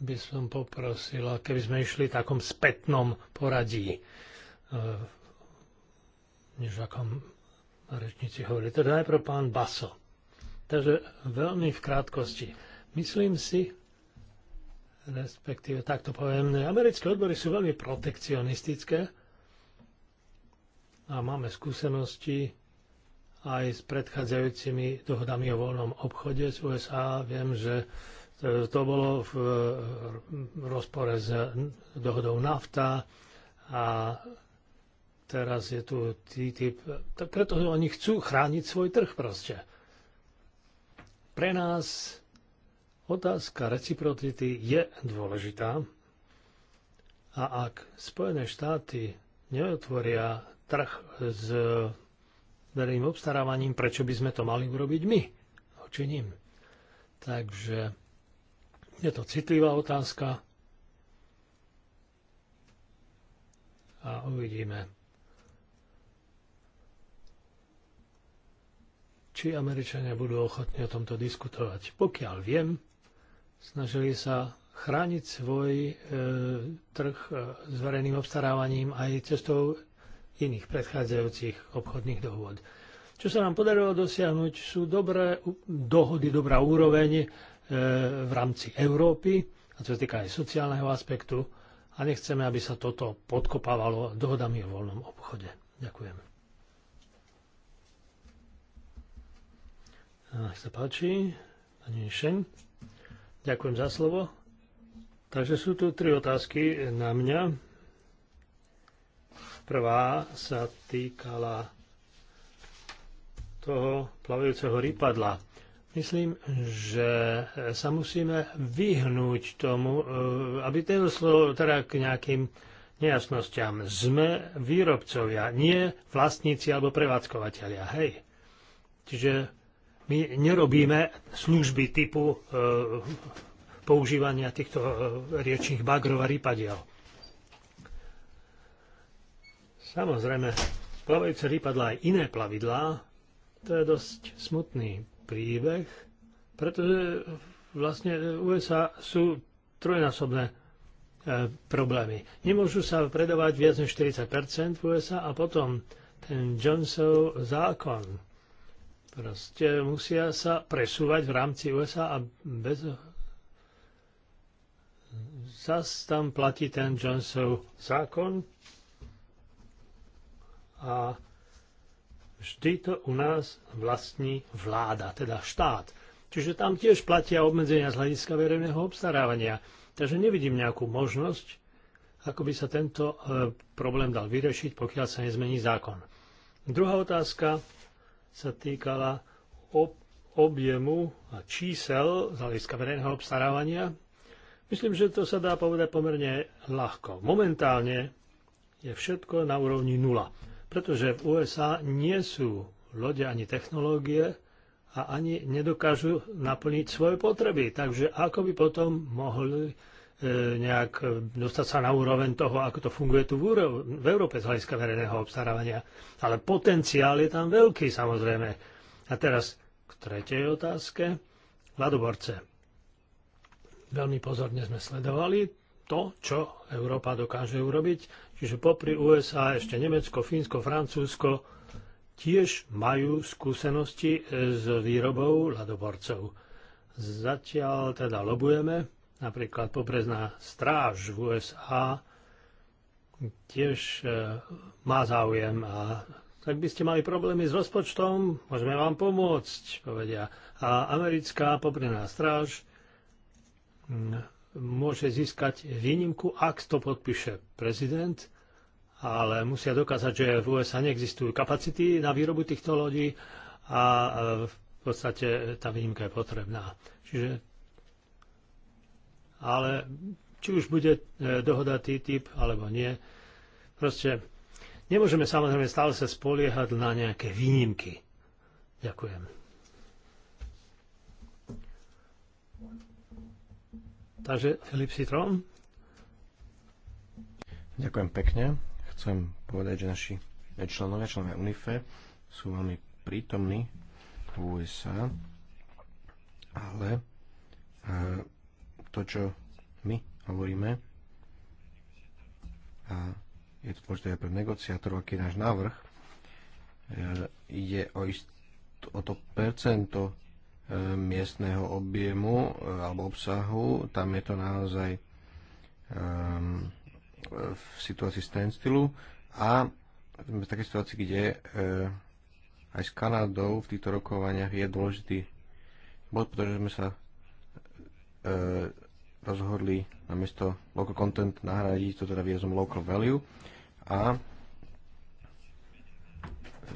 by som poprosil, keby sme išli v takom spätnom poradí, e, než ako rečníci hovorili. Teda najprv pán Baso. Takže veľmi v krátkosti. Myslím si, respektíve takto poviem, americké odbory sú veľmi protekcionistické a máme skúsenosti aj s predchádzajúcimi dohodami o voľnom obchode z USA. Viem, že E, to bolo e, v rozpore s dohodou NAFTA a teraz je tu TTIP. Tak preto oni chcú chrániť svoj trh proste. Pre nás otázka reciprocity je dôležitá a ak Spojené štáty neotvoria trh s verejným obstarávaním, prečo by sme to mali urobiť my? Očiním. ním. Takže je to citlivá otázka a uvidíme, či Američania budú ochotní o tomto diskutovať. Pokiaľ viem, snažili sa chrániť svoj e, trh e, s verejným obstarávaním aj cestou iných predchádzajúcich obchodných dohôd. Čo sa nám podarilo dosiahnuť, sú dobré dohody, dobrá úroveň v rámci Európy, a čo sa týka aj sociálneho aspektu, a nechceme, aby sa toto podkopávalo dohodami o voľnom obchode. Ďakujem. Nech sa páči, pani Šen. Ďakujem za slovo. Takže sú tu tri otázky na mňa. Prvá sa týkala toho plavajúceho rýpadla. Myslím, že sa musíme vyhnúť tomu, e, aby to došlo teda k nejakým nejasnostiam. Sme výrobcovia, nie vlastníci alebo prevádzkovateľia. Hej. Čiže my nerobíme služby typu e, používania týchto e, riečných bagrov a rýpadiel. Samozrejme, plavajúce rýpadla aj iné plavidlá. To je dosť smutný príbeh, pretože vlastne USA sú trojnásobné e, problémy. Nemôžu sa predávať viac než 40 v USA a potom ten Johnson zákon. Proste musia sa presúvať v rámci USA a bez... Zas tam platí ten Johnson zákon a vždy to u nás vlastní vláda, teda štát. Čiže tam tiež platia obmedzenia z hľadiska verejného obstarávania. Takže nevidím nejakú možnosť, ako by sa tento e, problém dal vyriešiť, pokiaľ sa nezmení zákon. Druhá otázka sa týkala objemu a čísel z hľadiska verejného obstarávania. Myslím, že to sa dá povedať pomerne ľahko. Momentálne je všetko na úrovni nula pretože v USA nie sú lode ani technológie a ani nedokážu naplniť svoje potreby. Takže ako by potom mohli e, nejak dostať sa na úroveň toho, ako to funguje tu v Európe z hľadiska verejného obstarávania. Ale potenciál je tam veľký samozrejme. A teraz k tretej otázke. Ladoborce. Veľmi pozorne sme sledovali to, čo Európa dokáže urobiť. Čiže popri USA ešte Nemecko, Fínsko, Francúzsko tiež majú skúsenosti s výrobou ľadoborcov. Zatiaľ teda lobujeme, napríklad poprezná stráž v USA tiež e, má záujem a tak by ste mali problémy s rozpočtom, môžeme vám pomôcť, povedia. A americká poprená stráž môže získať výnimku, ak to podpíše prezident, ale musia dokázať, že v USA neexistujú kapacity na výrobu týchto lodí a e, v podstate tá výnimka je potrebná. Čiže, ale či už bude e, dohoda TTIP alebo nie, proste nemôžeme samozrejme stále sa spoliehať na nejaké výnimky. Ďakujem. Takže Filip Citron. Ďakujem pekne. Chcem povedať, že naši členovia, členovia UNIFE sú veľmi prítomní v USA, ale e, to, čo my hovoríme, a je to dôležité aj pre negociátorov, aký je náš návrh, e, ide o, ist, o to percento miestneho objemu e, alebo obsahu. Tam je to naozaj ehm, v situácii standstillu a sme v takej situácii, kde e, aj s Kanadou v týchto rokovaniach je dôležitý bod, pretože sme sa e, rozhodli namiesto local content nahradiť to teda výrazom local value a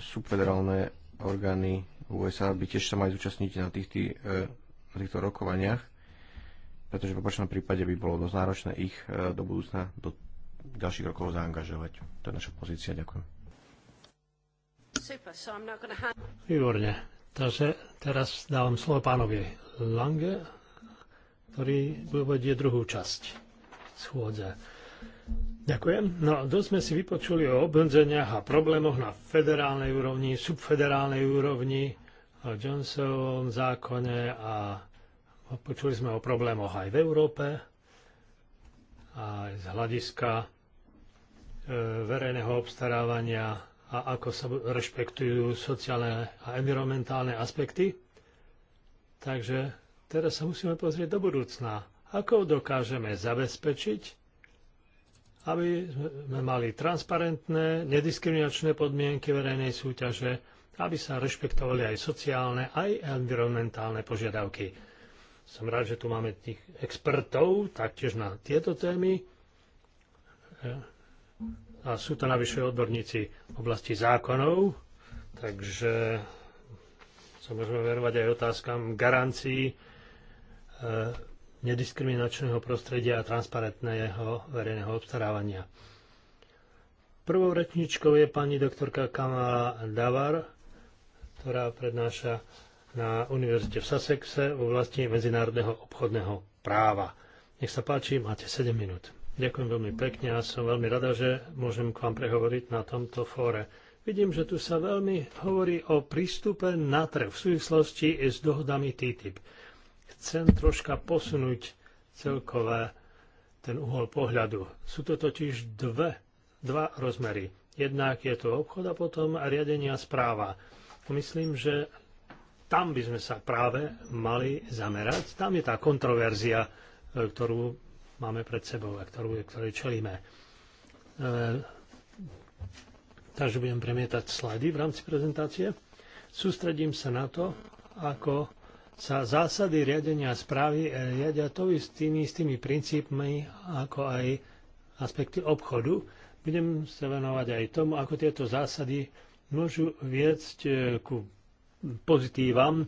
subfederálne orgány USA by tiež sa mali zúčastniť na, tých, tý, e, na týchto rokovaniach, pretože v opačnom prípade by bolo dosť náročné ich e, do budúcna do ďalších rokov zaangažovať. To je naša pozícia. Ďakujem. Výborne. Takže teraz dávam slovo pánovi Lange, ktorý bude druhú časť schôdze. Ďakujem. No a dosť sme si vypočuli o obmedzeniach a problémoch na federálnej úrovni, subfederálnej úrovni, o Johnsonovom zákone a počuli sme o problémoch aj v Európe, aj z hľadiska e, verejného obstarávania a ako sa rešpektujú sociálne a environmentálne aspekty. Takže teraz sa musíme pozrieť do budúcna. Ako dokážeme zabezpečiť, aby sme mali transparentné, nediskriminačné podmienky verejnej súťaže, aby sa rešpektovali aj sociálne, aj environmentálne požiadavky. Som rád, že tu máme tých expertov taktiež na tieto témy. A sú to navyše odborníci v oblasti zákonov, takže sa môžeme verovať aj otázkam garancií eh, nediskriminačného prostredia a transparentného verejného obstarávania. Prvou rečničkou je pani doktorka Kamala Davar, ktorá prednáša na Univerzite v Sussexe v oblasti medzinárodného obchodného práva. Nech sa páči, máte 7 minút. Ďakujem veľmi pekne a som veľmi rada, že môžem k vám prehovoriť na tomto fóre. Vidím, že tu sa veľmi hovorí o prístupe na trh v súvislosti s dohodami TTIP chcem troška posunúť celkové ten uhol pohľadu. Sú to totiž dve, dva rozmery. Jednak je to obchod a potom riadenia správa. Myslím, že tam by sme sa práve mali zamerať. Tam je tá kontroverzia, e, ktorú máme pred sebou a ktorú, ktorej čelíme. E, takže budem premietať slajdy v rámci prezentácie. Sústredím sa na to, ako sa zásady riadenia správy e, riadia to tými istými princípmi, ako aj aspekty obchodu. Budem sa venovať aj tomu, ako tieto zásady môžu viesť e, ku pozitívam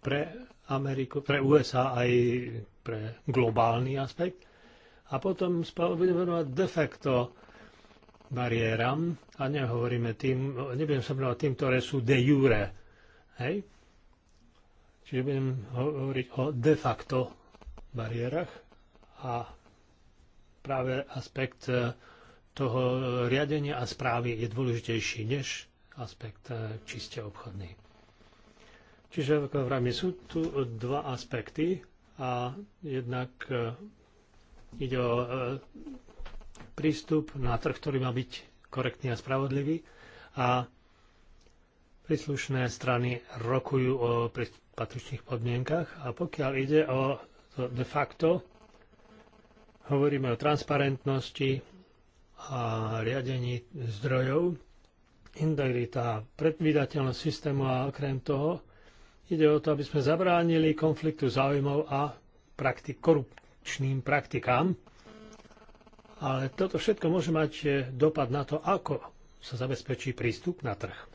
pre Ameriku, pre USA aj pre globálny aspekt. A potom budem venovať defekto bariéram a nehovoríme tým, nebudem sa venovať tým, ktoré sú de jure. Hej? Čiže budem hovoriť o de facto bariérach a práve aspekt e, toho riadenia a správy je dôležitejší než aspekt e, čiste obchodný. Čiže ako vravím, sú tu dva aspekty a jednak e, ide o prístup na trh, ktorý má byť korektný a spravodlivý a príslušné strany rokujú o patričných podmienkach. A pokiaľ ide o to de facto, hovoríme o transparentnosti a riadení zdrojov, integrita, predvídateľnosť systému a okrem toho ide o to, aby sme zabránili konfliktu záujmov a praktik, korupčným praktikám. Ale toto všetko môže mať eh, dopad na to, ako sa zabezpečí prístup na trh.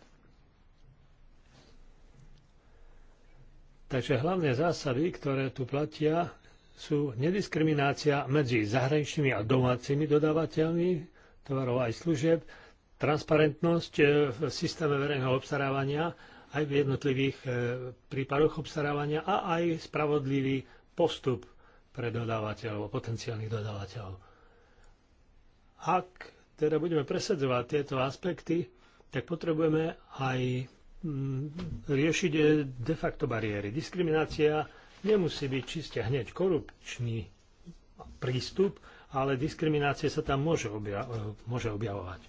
Takže hlavné zásady, ktoré tu platia, sú nediskriminácia medzi zahraničnými a domácimi dodávateľmi tovarov aj služieb, transparentnosť e, v systéme verejného obstarávania aj v jednotlivých e, prípadoch obstarávania a aj spravodlivý postup pre dodávateľov, potenciálnych dodávateľov. Ak teda budeme presedzovať tieto aspekty, tak potrebujeme aj riešiť e, de facto bariéry. Diskriminácia nemusí byť čiste hneď korupčný prístup, ale diskriminácia sa tam môže, obja- e, môže objavovať.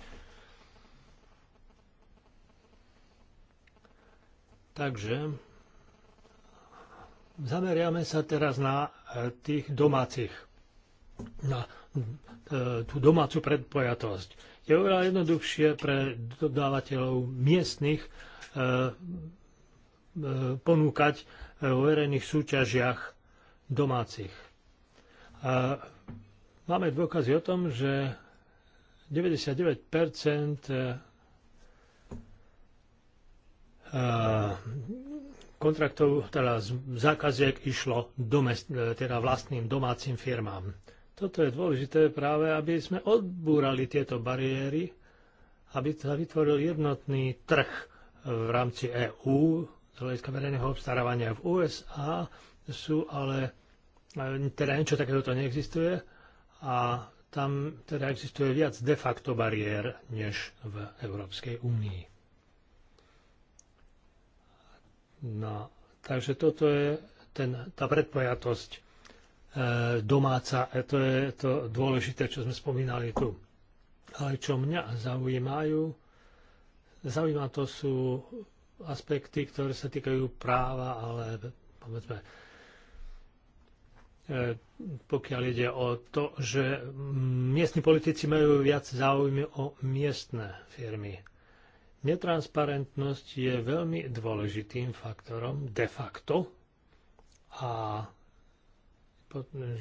Takže zameriame sa teraz na e, tých domácich, na tú domácu predpojatosť. Je oveľa jednoduchšie pre dodávateľov miestnych Eh, ponúkať eh, vo verejných súťažiach domácich. A máme dôkazy o tom, že 99 eh, kontraktov, teda zákaziek išlo domest, teda vlastným domácim firmám. Toto je dôležité práve, aby sme odbúrali tieto bariéry, aby sa vytvoril jednotný trh v rámci EÚ, z hľadiska verejného obstarávania v USA, sú ale, e, teda niečo takéhoto neexistuje a tam teda existuje viac de facto bariér než v Európskej únii. No, takže toto je ten, tá predpojatosť e, domáca, e, to je to dôležité, čo sme spomínali tu. Ale čo mňa zaujímajú, Zaujímavé to sú aspekty, ktoré sa týkajú práva, ale povedzme, e, pokiaľ ide o to, že miestni politici majú viac záujmy o miestne firmy. Netransparentnosť je veľmi dôležitým faktorom de facto a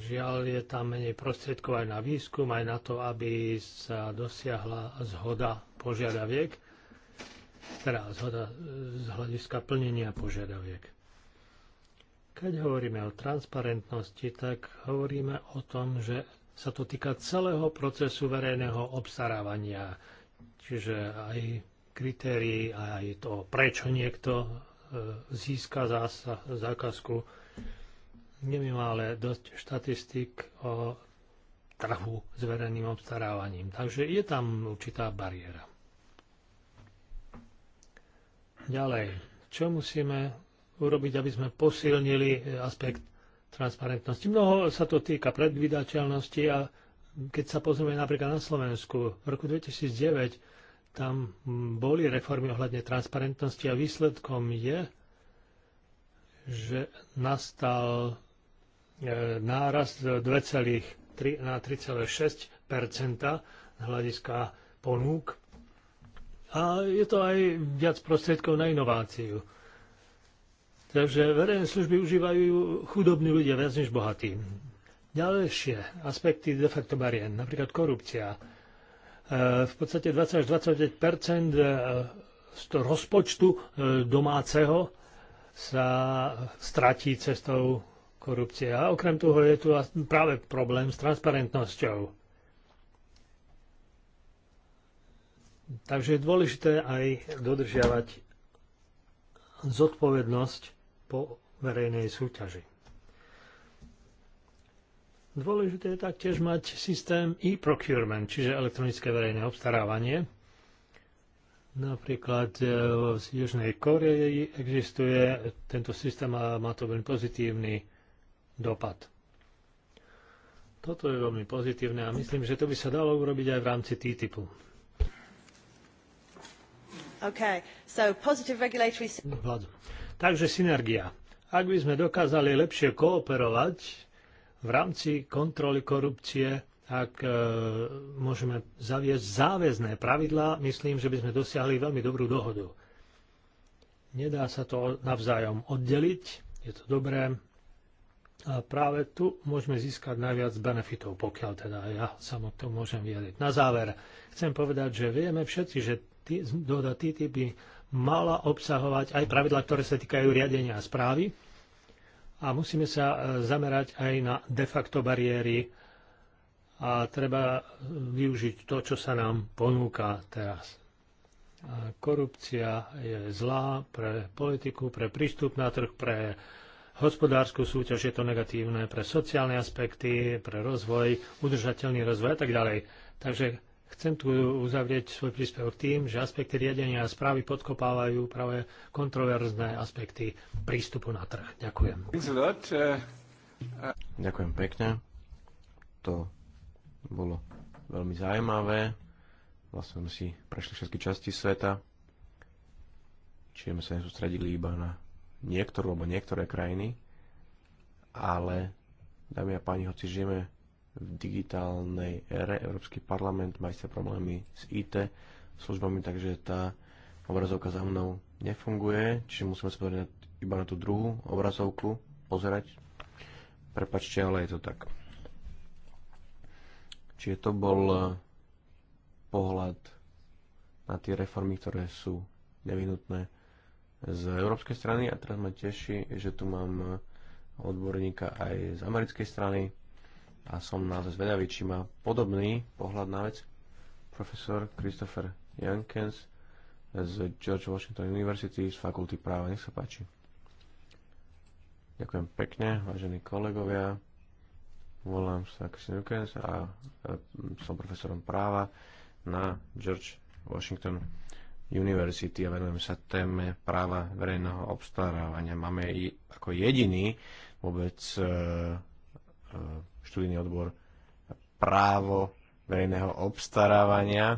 žiaľ je tam menej prostriedkov aj na výskum, aj na to, aby sa dosiahla zhoda požiadaviek teda zhoda eh, z hľadiska plnenia požiadaviek. Keď hovoríme o transparentnosti, tak hovoríme o tom, že sa to týka celého procesu verejného obstarávania, čiže aj kritérií, aj to, prečo niekto eh, získa zákazku. Nemým ale dosť štatistik o trhu s verejným obstarávaním. Takže je tam určitá bariéra. Ďalej, čo musíme urobiť, aby sme posilnili eh, aspekt transparentnosti? Mnoho sa to týka predvydateľnosti a keď sa pozrieme napríklad na Slovensku, v roku 2009 tam mm, boli reformy ohľadne transparentnosti a výsledkom je, že nastal eh, nárast 2,3 na 3,6 z hľadiska ponúk a je to aj viac prostriedkov na inováciu. Takže verejné služby užívajú chudobní ľudia viac než bohatí. Ďalšie aspekty de facto barien, napríklad korupcia. E, v podstate 20 až 25 e, z rozpočtu e, domáceho sa stratí cestou korupcie. A okrem toho je tu práve problém s transparentnosťou. Takže je dôležité aj dodržiavať zodpovednosť po verejnej súťaži. Dôležité je taktiež mať systém e-procurement, čiže elektronické verejné obstarávanie. Napríklad v e, Južnej Koreji existuje tento systém a má to veľmi pozitívny dopad. Toto je veľmi pozitívne a myslím, že to by sa dalo urobiť aj v rámci TTIPu. Okay. So positive regulatory... Takže synergia. Ak by sme dokázali lepšie kooperovať v rámci kontroly korupcie, ak e, môžeme zaviesť záväzné pravidlá, myslím, že by sme dosiahli veľmi dobrú dohodu. Nedá sa to navzájom oddeliť, je to dobré. A práve tu môžeme získať najviac benefitov, pokiaľ teda ja sa k tomu môžem vyjadriť. Na záver chcem povedať, že vieme všetci, že dohoda TTIP by mala obsahovať aj pravidla, ktoré sa týkajú riadenia a správy. A musíme sa e, zamerať aj na de facto bariéry a treba využiť to, čo sa nám ponúka teraz. Korupcia je zlá pre politiku, pre prístup na trh, pre hospodárskú súťaž, je to negatívne pre sociálne aspekty, pre rozvoj, udržateľný rozvoj a tak ďalej. Takže Chcem tu uzavrieť svoj príspevok tým, že aspekty riadenia a správy podkopávajú práve kontroverzné aspekty prístupu na trh. Ďakujem. Ďakujem pekne. To bolo veľmi zaujímavé. Vlastne sme si prešli všetky časti sveta. Čiže sme sa nesústredili iba na niektorú alebo niektoré krajiny. Ale, dámy a páni, hoci žijeme v digitálnej ére. Európsky parlament má isté problémy s IT službami, takže tá obrazovka za mnou nefunguje, čiže musíme sa pozrieť iba na tú druhú obrazovku, pozerať. Prepačte, ale je to tak. Čiže to bol eh, pohľad na tie reformy, ktoré sú nevyhnutné z európskej strany a teraz ma teší, že tu mám eh, odborníka aj z americkej strany, a som naozaj zvedavý, či má podobný pohľad na vec profesor Christopher Jankens z George Washington University z fakulty práva. Nech sa páči. Ďakujem pekne, vážení kolegovia. Volám sa Christian Jankens a e, som profesorom práva na George Washington University a venujem sa téme práva verejného obstarávania. Máme i ako jediný vôbec e, E, študijný odbor právo verejného obstarávania e,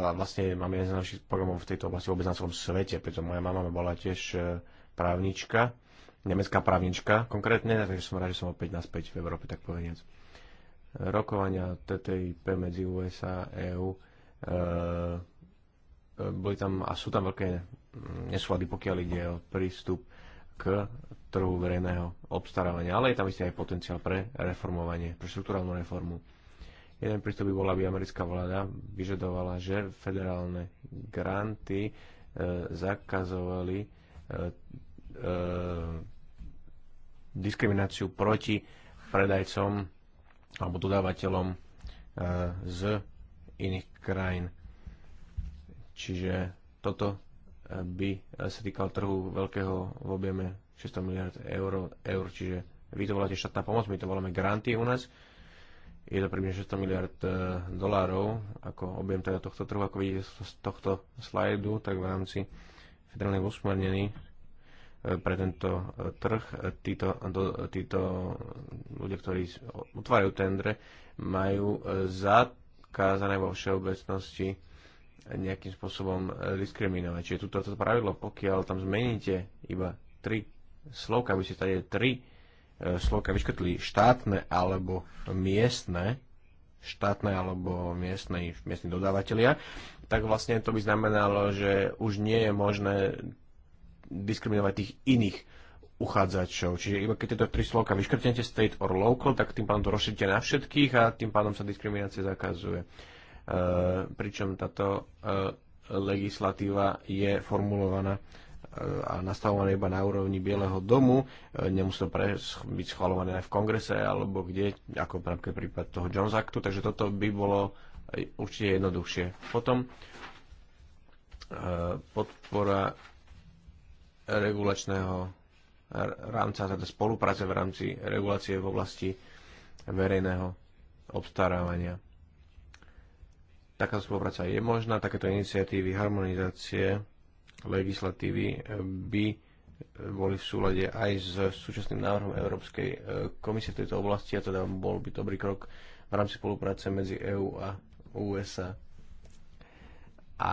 a vlastne mám jeden z našich programov v tejto oblasti vôbec na celom svete, preto moja mama bola tiež e, právnička, nemecká právnička konkrétne, takže som rád, že som opäť naspäť v Európe, tak povediac. Rokovania TTIP medzi USA a EU boli tam a sú tam veľké mm, nesúlady, pokiaľ ide o prístup k trhu verejného obstarávania, ale je tam istý aj potenciál pre reformovanie, pre štruktúrálnu reformu. Jeden prístup by bol, aby americká vláda vyžadovala, že federálne granty e, zakazovali e, e, diskrimináciu proti predajcom alebo dodávateľom e, z iných krajín. Čiže toto by sa týkal trhu veľkého v objeme 600 miliard eur, eur, čiže vy to voláte štátna pomoc, my to voláme granty u nás. Je to približne 600 miliard e, dolárov ako objem teda tohto trhu, ako vidíte z tohto slajdu, tak v rámci federálnej usmernení e, pre tento e, trh. Títo, do, títo ľudia, ktorí otvárajú tendre, majú zakázané vo všeobecnosti nejakým spôsobom e, diskriminovať. Čiže toto toto pravidlo, pokiaľ tam zmeníte iba tri slovka, aby ste tady tri e, slovka vyškrtli štátne alebo miestne, štátne alebo miestne, miestni dodávateľia, tak vlastne to by znamenalo, že už nie je možné diskriminovať tých iných uchádzačov. Čiže iba keď tieto tri slovka vyškrtnete state or local, tak tým pádom to rozšírite na všetkých a tým pádom sa diskriminácia zakazuje. E, pričom táto e, legislatíva je formulovaná e, a nastavované iba na úrovni Bieleho domu, nemusí to pre, byť schvalované aj v kongrese alebo kde, ako napríklad prípad toho Jones Actu, takže toto by bolo určite jednoduchšie. Potom podpora regulačného rámca, teda spolupráce v rámci regulácie v oblasti verejného obstarávania. Takáto spolupráca je možná, takéto iniciatívy harmonizácie legislatívy eh, by eh, boli v súlade aj s súčasným návrhom Európskej eh, komisie v tejto oblasti a teda bol by dobrý krok v rámci spolupráce medzi EÚ a USA. A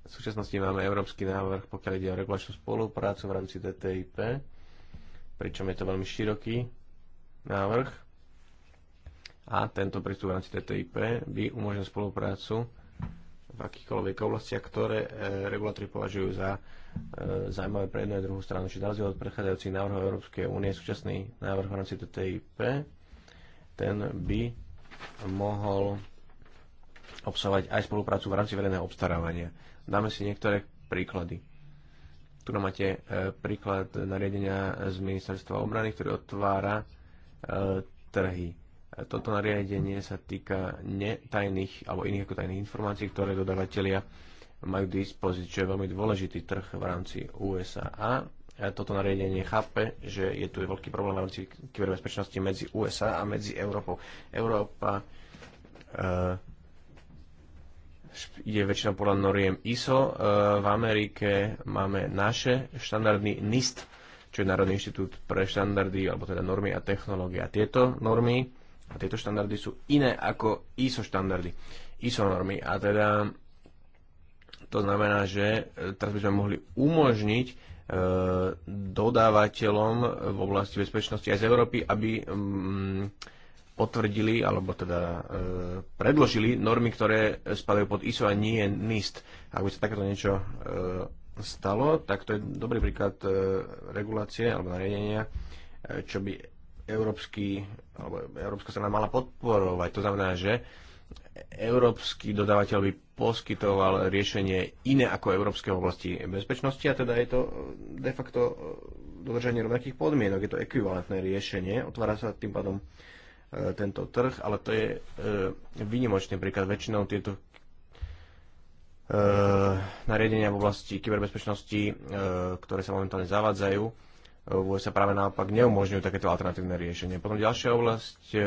v súčasnosti máme európsky návrh, pokiaľ ide o regulačnú spoluprácu v rámci TTIP, pričom je to veľmi široký návrh a tento prístup v rámci TTIP by umožnil spoluprácu v akýchkoľvek oblastiach, ktoré e, regulátori považujú za e, zaujímavé pre jednu a druhú stranu. Čiže na rozdiel od predchádzajúcich návrhov Európskej únie, súčasný návrh v rámci TTIP, ten by mohol obsahovať aj spoluprácu v rámci verejného obstarávania. Dáme si niektoré príklady. Tu máte e, príklad nariadenia z ministerstva obrany, ktorý otvára e, trhy toto nariadenie sa týka netajných alebo iných ako tajných informácií, ktoré dodávateľia majú k dispozícii, čo je veľmi dôležitý trh v rámci USA. A toto nariadenie chápe, že je tu veľký problém v rámci kyberbezpečnosti medzi USA a medzi Európou. Európa uh, je väčšinou podľa noriem ISO. Uh, eh, v Amerike máme naše štandardný NIST, čo je Národný inštitút pre štandardy, alebo teda normy a technológie. A tieto normy a tieto štandardy sú iné ako ISO štandardy, ISO normy. A teda to znamená, že e, teraz by sme mohli umožniť e, dodávateľom v oblasti bezpečnosti aj z Európy, aby mm, potvrdili alebo teda e, predložili normy, ktoré spadajú pod ISO a nie NIST. Ak by sa takéto niečo stalo, tak to je dobrý príklad regulácie alebo nariadenia, čo by európsky, alebo európska strana mala podporovať. To znamená, že európsky dodávateľ by poskytoval riešenie iné ako európskej oblasti bezpečnosti a teda je to de facto dodržanie rovnakých podmienok, je to ekvivalentné riešenie, otvára sa tým pádom e, tento trh, ale to je e, výnimočný príklad. Väčšinou tieto e, nariadenia v oblasti kyberbezpečnosti, ktoré sa momentálne zavádzajú, USA práve naopak neumožňujú takéto alternatívne riešenie. Potom ďalšia oblasť e,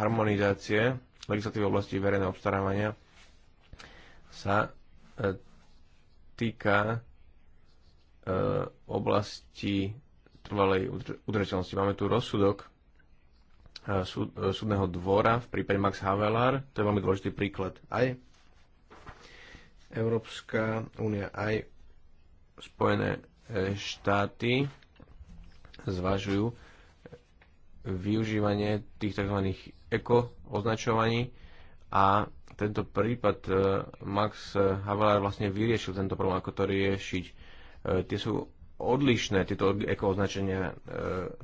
harmonizácie legislatívy oblasti verejného obstarávania sa e, týka e, oblasti trvalej udržateľnosti. Máme tu rozsudok súd, súdneho dvora v prípade Max Havelar, to je veľmi dôležitý príklad. Aj Európska únia, aj Spojené štáty zvažujú využívanie tých tzv. eko označovaní a tento prípad e, Max Havelaar vlastne vyriešil tento problém, ako to riešiť. E, tie sú odlišné, tieto eko označenia e,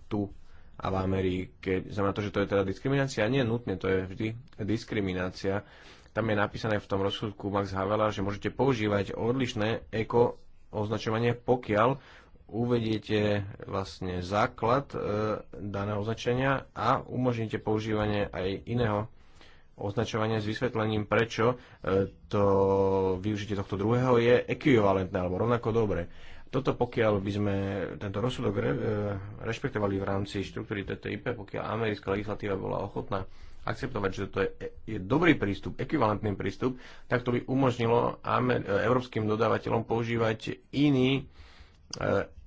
tu a v Amerike. Znamená to, že to je teda diskriminácia? Nie, nutne, to je vždy diskriminácia. Tam je napísané v tom rozsudku Max Havela, že môžete používať odlišné eko označovanie, pokiaľ uvediete vlastne základ e, daného označenia a umožníte používanie aj iného označovania s vysvetlením, prečo e, to využitie tohto druhého je ekvivalentné alebo rovnako dobré. Toto pokiaľ by sme tento rozsudok re, e, rešpektovali v rámci štruktúry TTIP, pokiaľ americká legislatíva bola ochotná akceptovať, že toto je, je dobrý prístup, ekvivalentný prístup, tak to by umožnilo amer, e, európskym dodávateľom používať iný e,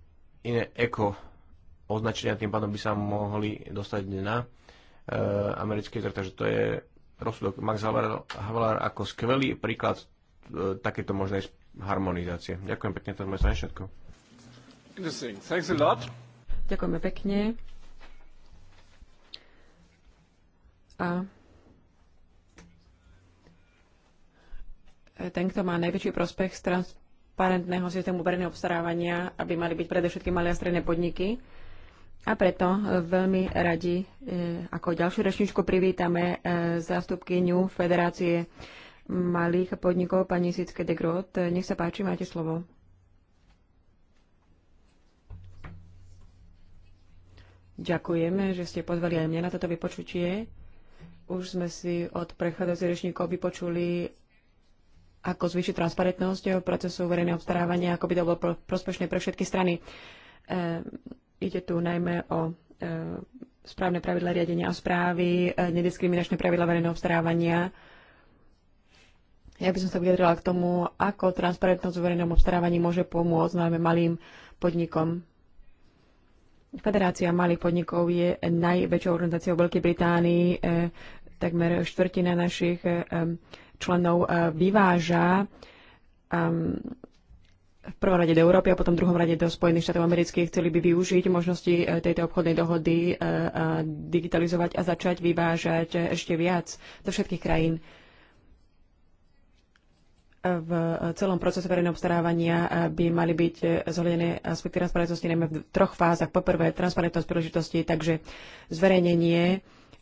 iné eko označenia, tým pádom by sa mohli dostať na e, americký trh. Takže to je rozsudok Max Havlar ako skvelý príklad e, takéto možnej harmonizácie. Ďakujem pekne, to je sa všetko. Ďakujeme pekne. A ten, kto má najväčší prospech z trans- parentného systému verejného obstarávania, aby mali byť predovšetkým malé a stredné podniky. A preto e, veľmi radi e, ako ďalšiu rečničku privítame e, zástupkyňu Federácie malých podnikov, pani Sické de Grot. Nech sa páči, máte slovo. Ďakujeme, že ste pozvali aj mňa na toto vypočutie. Už sme si od prechádzajúcich rečníkov vypočuli ako zvýšiť transparentnosť procesu verejného obstarávania, ako by to bolo prospešné pre všetky strany. E, ide tu najmä o e, správne pravidla riadenia a správy, e, nediskriminačné pravidla verejného obstarávania. Ja by som sa vyjadrila k tomu, ako transparentnosť v verejnom obstarávaní môže pomôcť najmä malým podnikom. Federácia malých podnikov je najväčšou organizáciou Veľkej Británii. Takmer štvrtina našich členov e, vyváža v prvom rade do Európy a potom v druhom rade do Spojených štátov amerických. Chceli by využiť možnosti e, tejto obchodnej dohody e, a digitalizovať a začať vyvážať ešte viac do všetkých krajín. V celom procese verejného obstarávania by mali byť zohľadené aspekty transparentnosti najmä v troch fázach. Poprvé, transparentnosť príležitosti, takže zverejnenie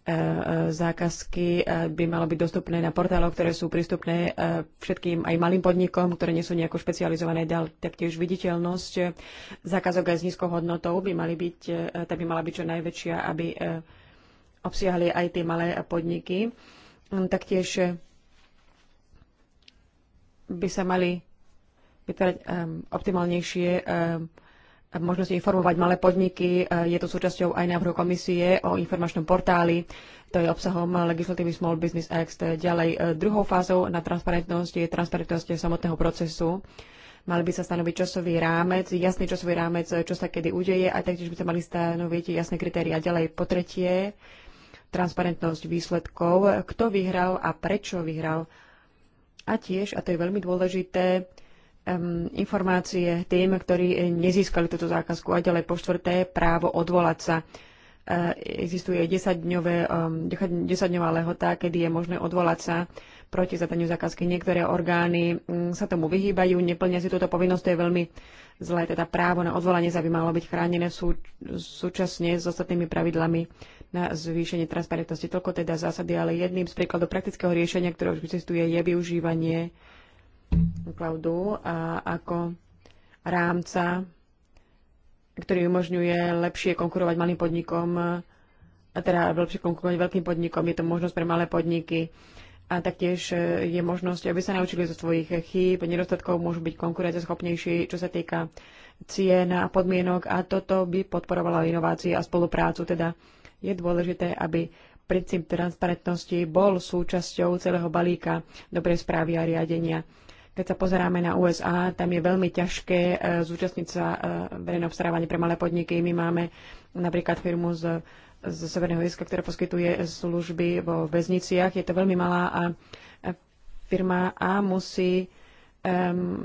E, e, zákazky e, by malo byť dostupné na portáloch, ktoré sú prístupné všetkým aj malým podnikom, ktoré nie sú nejako špecializované. Ďal, taktiež viditeľnosť zákazok aj s nízkou hodnotou by, mali byť, tá by mala byť čo najväčšia, aby obsiahli aj tie malé podniky. Hm, taktiež by sa mali vytvárať optimálnejšie možnosti informovať malé podniky. E, je to súčasťou aj návrhu komisie o informačnom portáli. To je obsahom legislatívy Small Business Act. Ďalej, e, druhou fázou na transparentnosť je transparentnosť samotného procesu. Mali by sa stanoviť časový rámec, jasný časový rámec, čo sa kedy udeje a taktiež by sa mali stanoviť jasné kritéria. Ďalej, po tretie, transparentnosť výsledkov, kto vyhral a prečo vyhral. A tiež, a to je veľmi dôležité, informácie tým, ktorí eh, nezískali túto zákazku. A ďalej po štvrté, právo odvolať sa. Eh, existuje 10-dňové, 10-dňová lehota, kedy je možné odvolať sa proti zadaniu zákazky. Niektoré orgány mm, sa tomu vyhýbajú, neplnia si túto povinnosť, to je veľmi zlé. Teda právo na odvolanie sa by malo byť chránené sú, súčasne s ostatnými pravidlami na zvýšenie transparentnosti. Toľko teda zásady, ale jedným z príkladov praktického riešenia, ktoré už existuje, je využívanie cloudu a ako rámca, ktorý umožňuje lepšie konkurovať malým podnikom, a teda lepšie konkurovať veľkým podnikom. Je to možnosť pre malé podniky a taktiež e, je možnosť, aby sa naučili zo svojich chýb, nedostatkov, môžu byť konkurenceschopnejší, čo sa týka cien a podmienok a toto by podporovalo inovácie a spoluprácu. Teda je dôležité, aby princíp transparentnosti bol súčasťou celého balíka dobrej správy a riadenia. Keď sa pozeráme na USA, tam je veľmi ťažké e, zúčastniť sa e, verejné obstarávanie pre malé podniky. My máme napríklad firmu z, z Severného Iska, ktorá poskytuje služby vo väzniciach. Je to veľmi malá a e, firma a musí um,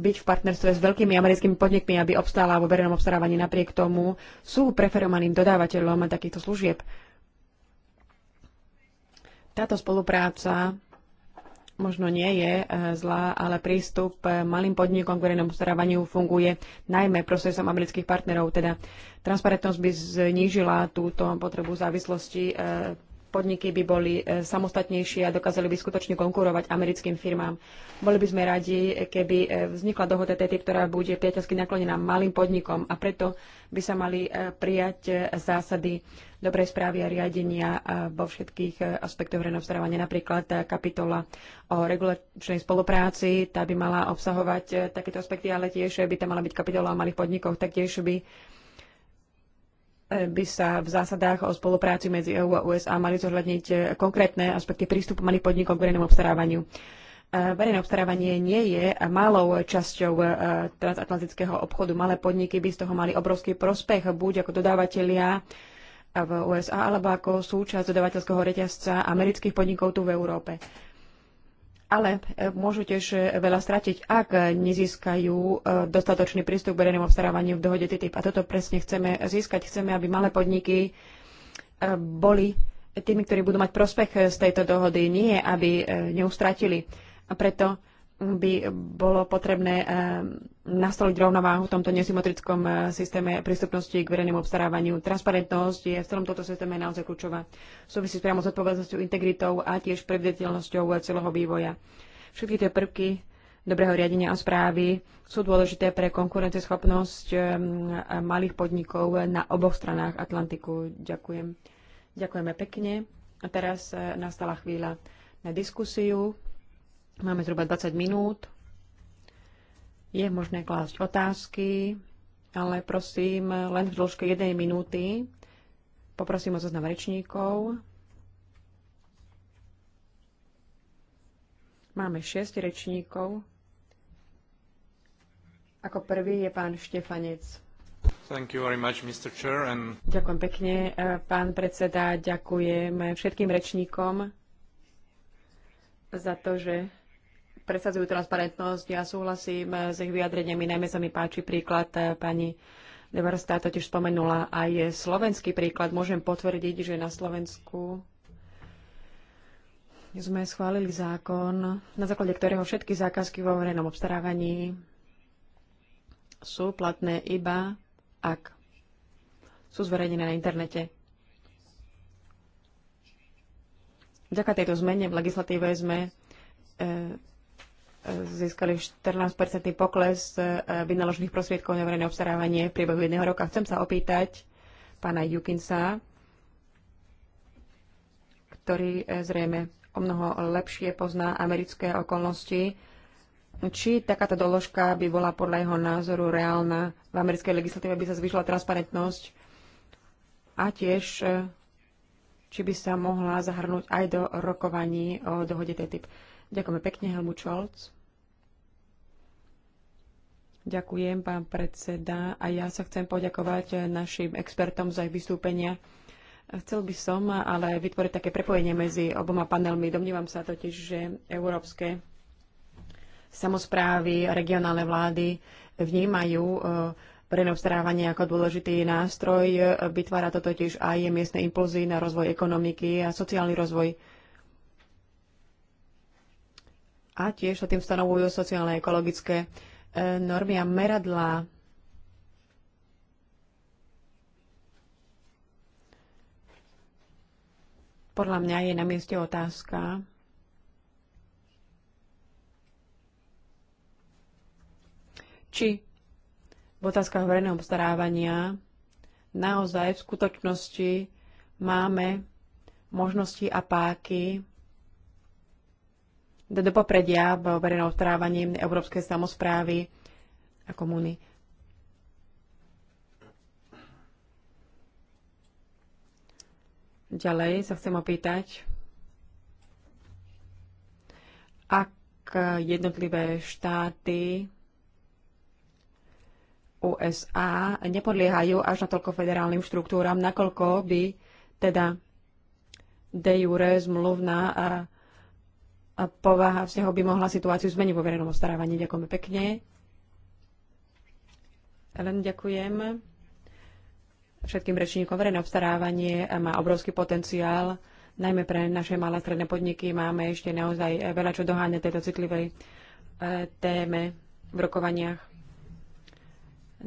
byť v partnerstve s veľkými americkými podnikmi, aby obstála vo verejnom obstarávaní napriek tomu, sú preferovaným dodávateľom takýchto služieb. Táto spolupráca možno nie je eh, zlá, ale prístup eh, malým podnikom k verejnému starávaniu funguje najmä procesom amerických partnerov. Teda transparentnosť by znížila túto potrebu závislosti. Eh, podniky by boli samostatnejšie a dokázali by skutočne konkurovať americkým firmám. Boli by sme radi, keby vznikla dohoda TTIP, ktorá bude priateľsky naklonená malým podnikom a preto by sa mali prijať zásady dobrej správy a riadenia vo všetkých e, aspektoch verejného starávania. Napríklad e, kapitola o regulačnej spolupráci, tá by mala obsahovať e, takéto aspekty, ale tiež by tam mala byť kapitola o malých podnikoch, taktiež by by sa v zásadách o spolupráci medzi EU a USA mali zohľadniť konkrétne aspekty prístupu malých podnikov k verejnému obstarávaniu verejné obstarávanie nie je malou časťou transatlantického obchodu. Malé podniky by z toho mali obrovský prospech, buď ako dodávateľia v USA alebo ako súčasť dodavateľského reťazca amerických podnikov tu v Európe. Ale e, môžu tiež e, veľa stratiť, ak nezískajú e, dostatočný prístup k verejnému obstarávaniu v dohode TTIP. A toto presne chceme získať. Chceme, aby malé podniky boli tými, ktorí budú mať prospech z tejto dohody, nie aby neustratili. A preto by bolo potrebné eh, nastoliť rovnováhu v tomto nesymetrickom eh, systéme prístupnosti k verejnému obstarávaniu. Transparentnosť je v celom tomto systéme naozaj kľúčová. Súvisí priamo s odpovednosťou, integritou a tiež predvedateľnosťou eh, celého vývoja. Všetky tie prvky dobrého riadenia a správy sú dôležité pre konkurenceschopnosť malých podnikov na oboch stranách Atlantiku. Ďakujem. Ďakujeme pekne. A teraz nastala chvíľa na diskusiu. Máme zhruba 20 minút. Je možné klásť otázky, ale prosím len v dĺžke jednej minúty. Poprosím o zoznam rečníkov. Máme 6 rečníkov. Ako prvý je pán Štefanec. Much, Chair, and... Ďakujem pekne, e, pán predseda. Ďakujem všetkým rečníkom za to, že presadzujú transparentnosť. Ja súhlasím s ich vyjadreniami, najmä sa mi páči príklad eh, pani Devarstá totiž spomenula aj slovenský príklad. Môžem potvrdiť, že na Slovensku sme schválili zákon, na základe ktorého všetky zákazky vo verejnom obstarávaní sú platné iba ak sú zverejnené na internete. Vďaka tejto zmene v legislatíve sme e, získali 14-percentný pokles e, vynaložených prostriedkov na verejné obstarávanie v priebehu jedného roka. Chcem sa opýtať pána Jukinsa, ktorý e, zrejme o mnoho lepšie pozná americké okolnosti, či takáto doložka by bola podľa jeho názoru reálna v americkej legislatíve, by sa zvyšila transparentnosť a tiež e, či by sa mohla zahrnúť aj do rokovaní o dohode TTIP. Ďakujeme pekne, Helmut Scholz. Ďakujem, pán predseda. A ja sa chcem poďakovať našim expertom za ich vystúpenia. Chcel by som ale vytvoriť také prepojenie medzi oboma panelmi. Domnívam sa totiž, že európske samozprávy, regionálne vlády vnímajú verejné obstarávanie ako dôležitý nástroj. Vytvára to totiž aj miestne impulzy na rozvoj ekonomiky a sociálny rozvoj a tiež sa tým stanovujú sociálne ekologické e, normy a meradlá. Podľa mňa je na mieste otázka, či v otázkach verejného obstarávania naozaj v skutočnosti máme možnosti a páky do popredia v verejnom obstarávaní európskej samozprávy a komúny. Ďalej sa chcem opýtať, ak jednotlivé štáty USA nepodliehajú až natoľko federálnym štruktúram, nakoľko by teda de jure zmluvná a povaha vzťahov by mohla situáciu zmeniť vo verejnom obstarávaní. Ďakujeme pekne. Len ďakujem všetkým rečníkom. Verejné obstarávanie má obrovský potenciál, najmä pre naše malé stredné podniky. Máme ešte naozaj veľa čo doháňať tejto citlivej e, téme v rokovaniach.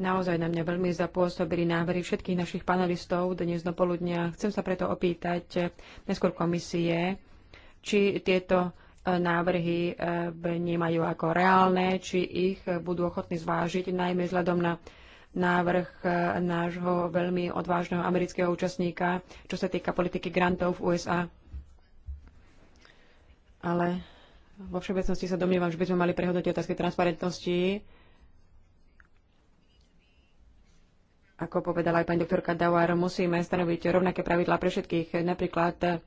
Naozaj na mňa veľmi zapôsobili návery všetkých našich panelistov dnes do poludnia. Chcem sa preto opýtať neskôr komisie, či tieto návrhy eh, vnímajú ako reálne, či ich budú ochotní zvážiť, najmä vzhľadom na návrh eh, nášho veľmi odvážneho amerického účastníka, čo sa týka politiky grantov v USA. Ale vo všeobecnosti sa domnievam, že by sme mali prehodnotiť otázky transparentnosti. Ako povedala aj pani doktorka Dauer, musíme stanoviť rovnaké pravidlá pre všetkých. Napríklad eh,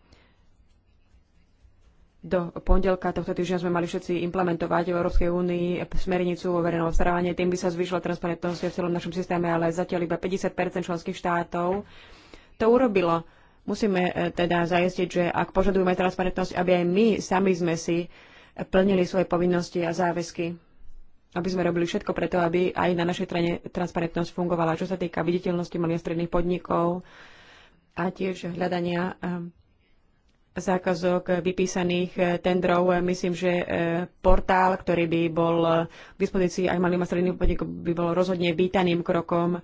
do pondelka tohto týždňa sme mali všetci implementovať v Európskej únii smernicu o verejnom obstarávaní. Tým by sa zvýšila transparentnosť v celom našom systéme, ale zatiaľ iba 50 členských štátov to urobilo. Musíme e, teda zajistiť, že ak požadujeme transparentnosť, aby aj my sami sme si plnili svoje povinnosti a záväzky. Aby sme robili všetko preto, aby aj na našej strane transparentnosť fungovala. Čo sa týka viditeľnosti malých a stredných podnikov a tiež hľadania e, zákazok vypísaných eh, tendrov. Eh, myslím, že eh, portál, ktorý by bol k dispozícii aj malým a stredným podnikom, by bol rozhodne vítaným krokom.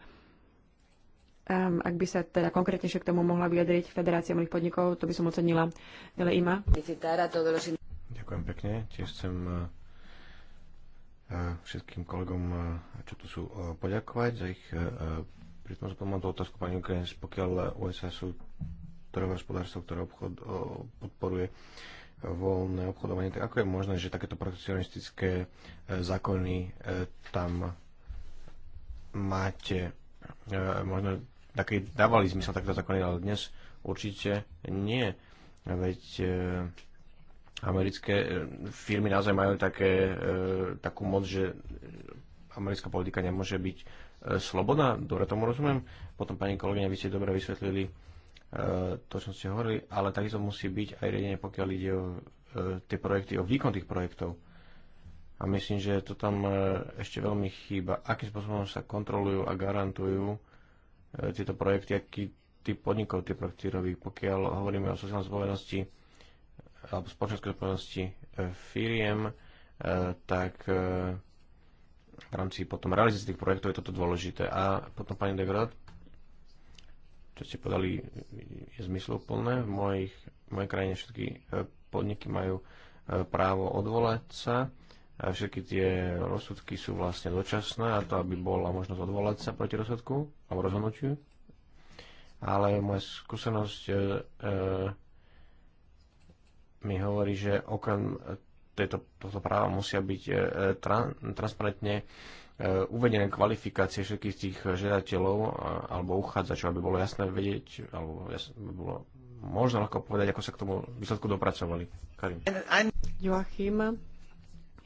Ehm, ak by sa teda konkrétnejšie k tomu mohla vyjadriť Federácia malých podnikov, to by som ocenila. Ale Ima. Ďakujem pekne. Tiež chcem všetkým kolegom, čo tu sú, poďakovať za ich pritom Mám tú otázku pani Ukrajinec, pokiaľ USA sú ktorého hospodárstvo, ktoré obchod, podporuje e, voľné obchodovanie, tak ako je možné, že takéto protekcionistické e, zákony e, tam máte? Možno také dávali zmysel takéto zákony, ale dnes určite nie. Veď americké firmy naozaj majú také, takú moc, že americká politika nemôže byť slobodná. Dobre tomu rozumiem. Potom, pani kolegyňa, vy ste dobre vysvetlili E, to, čo ste hovorili, ale takisto musí byť aj riadenie, pokiaľ ide o e, tie projekty, o výkon tých projektov. A myslím, že to tam e, ešte veľmi chýba. Akým spôsobom sa kontrolujú a garantujú tieto projekty, aký typ podnikov tie projekty robí. Pokiaľ hovoríme o sociálnej zodpovednosti alebo spoločenskej zodpovednosti firiem, tak v rámci potom realizácie tých projektov je toto dôležité. A potom, pani Degrad, čo ste podali, je zmysluplné. V mojich, v mojej krajine všetky e, podniky majú e, právo odvolať sa a všetky tie rozsudky sú vlastne dočasné a to, aby bola možnosť odvolať sa proti rozsudku alebo rozhodnutiu. Ale moja skúsenosť e, e mi hovorí, že okrem tejto, tohto práva musia byť e, tran, transparentne e, E, uvedené kvalifikácie všetkých tých žiadateľov alebo uchádzačov, aby bolo jasné vedieť, alebo jasné, bolo možno ľahko povedať, ako sa k tomu výsledku dopracovali. Karim. Joachim,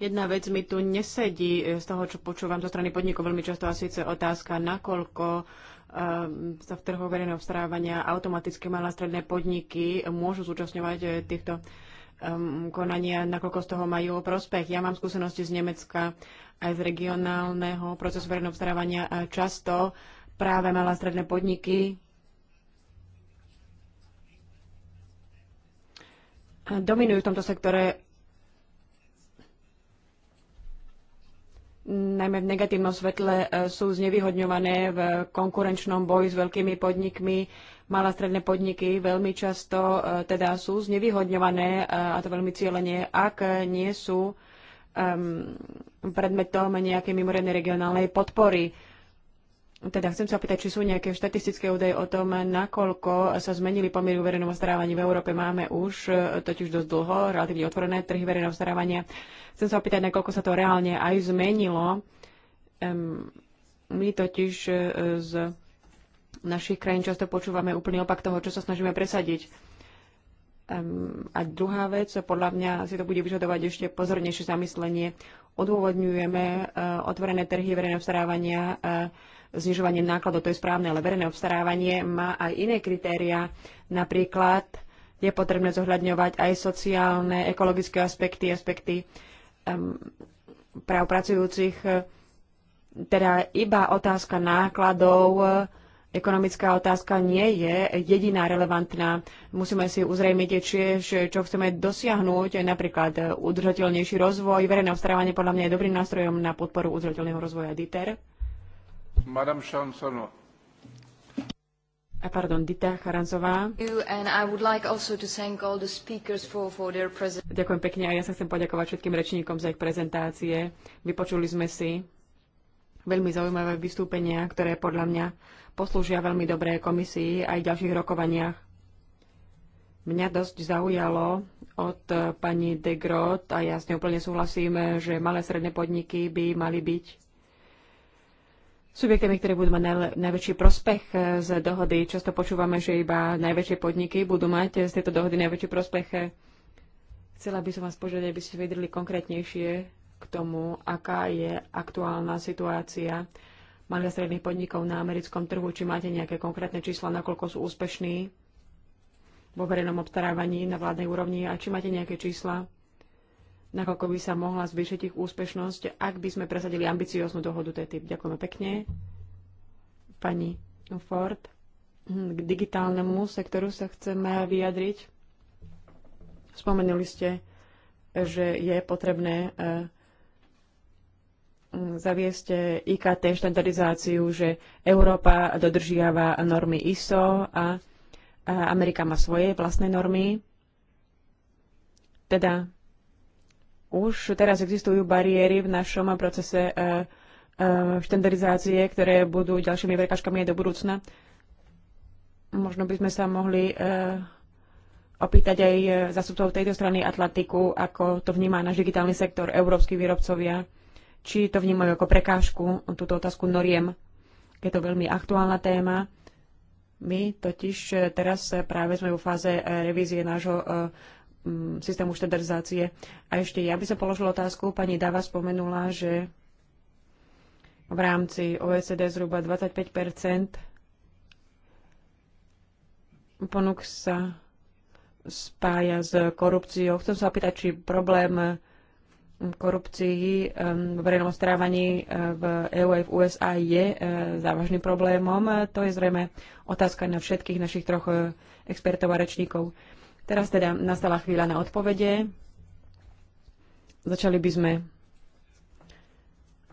jedna vec mi tu nesedí z toho, čo počúvam zo strany podnikov veľmi často a síce otázka, nakoľko e, sa v trhu verejného vstarávania automaticky malé stredné podniky môžu zúčastňovať e, týchto um, konania, nakoľko z toho majú prospech. Ja mám skúsenosti z Nemecka aj z regionálneho procesu verejného obstarávania a často práve malé stredné podniky dominujú v tomto sektore najmä v negatívnom svetle e, sú znevýhodňované v konkurenčnom boji s veľkými podnikmi, malé stredné podniky veľmi často e, teda sú znevýhodňované, e, a to veľmi cieľene, ak nie sú um, predmetom nejakej mimoriadnej regionálnej podpory. Teda chcem sa opýtať, či sú nejaké štatistické údaje o tom, nakoľko sa zmenili pomery verejného starávania v Európe. Máme už e, totiž dosť dlho relatívne otvorené trhy verejného starávania. Chcem sa opýtať, nakoľko sa to reálne aj zmenilo. Um, my totiž z našich krajín často počúvame úplný opak toho, čo sa snažíme presadiť. A druhá vec, podľa mňa si to bude vyžadovať ešte pozornejšie zamyslenie. Odôvodňujeme e, otvorené trhy verejné obstarávania e, znižovanie nákladov, to je správne, ale verejné obstarávanie má aj iné kritéria. Napríklad je potrebné zohľadňovať aj sociálne, ekologické aspekty, aspekty práv pracujúcich. Teda iba otázka nákladov Ekonomická otázka nie je jediná relevantná. Musíme si uzrejmiť tiež, čo chceme dosiahnuť, napríklad udržateľnejší rozvoj. Verejné obstarávanie podľa mňa je dobrým nástrojom na podporu udržateľného rozvoja DITER. Madame Chansono. Pardon, Dita Charanzová. Like for, for Ďakujem pekne a ja sa chcem poďakovať všetkým rečníkom za ich prezentácie. Vypočuli sme si veľmi zaujímavé vystúpenia, ktoré podľa mňa poslúžia veľmi dobré komisii aj v ďalších rokovaniach. Mňa dosť zaujalo od pani de Grot a ja s ňou úplne súhlasím, že malé stredné podniky by mali byť subjektami, ktoré budú mať najväčší prospech z dohody. Často počúvame, že iba najväčšie podniky budú mať z tejto dohody najväčší prospech. Chcela by som vás požiadať, aby ste vedeli konkrétnejšie k tomu, aká je aktuálna situácia malých a stredných podnikov na americkom trhu, či máte nejaké konkrétne čísla, nakoľko sú úspešní vo verejnom obstarávaní na vládnej úrovni a či máte nejaké čísla, nakoľko by sa mohla zvýšiť ich úspešnosť, ak by sme presadili ambicióznu dohodu TTIP. Ďakujeme pekne. Pani Ford, hm, k digitálnemu sektoru sa chceme vyjadriť. Spomenuli ste, že je potrebné eh, zaviesť IKT štandardizáciu, že Európa dodržiava normy ISO a, Amerika má svoje vlastné normy. Teda už teraz existujú bariéry v našom procese e, e, štandardizácie, ktoré budú ďalšími prekažkami aj do budúcna. Možno by sme sa mohli e, opýtať aj zastupcov tejto strany Atlantiku, ako to vníma náš digitálny sektor, európsky výrobcovia či to vnímajú ako prekážku, túto otázku noriem. Je to veľmi aktuálna téma. My totiž eh, teraz eh, práve sme vo fáze eh, revízie nášho mm, systému štandardizácie. A ešte ja by som položila otázku. Pani Dava spomenula, že v rámci OECD zhruba 25 ponúk sa spája s korupciou. Chcem sa opýtať, či problém korupcii v verejnom strávaní v EU aj v USA je závažným problémom. To je zrejme otázka na všetkých našich troch expertov a rečníkov. Teraz teda nastala chvíľa na odpovede. Začali by sme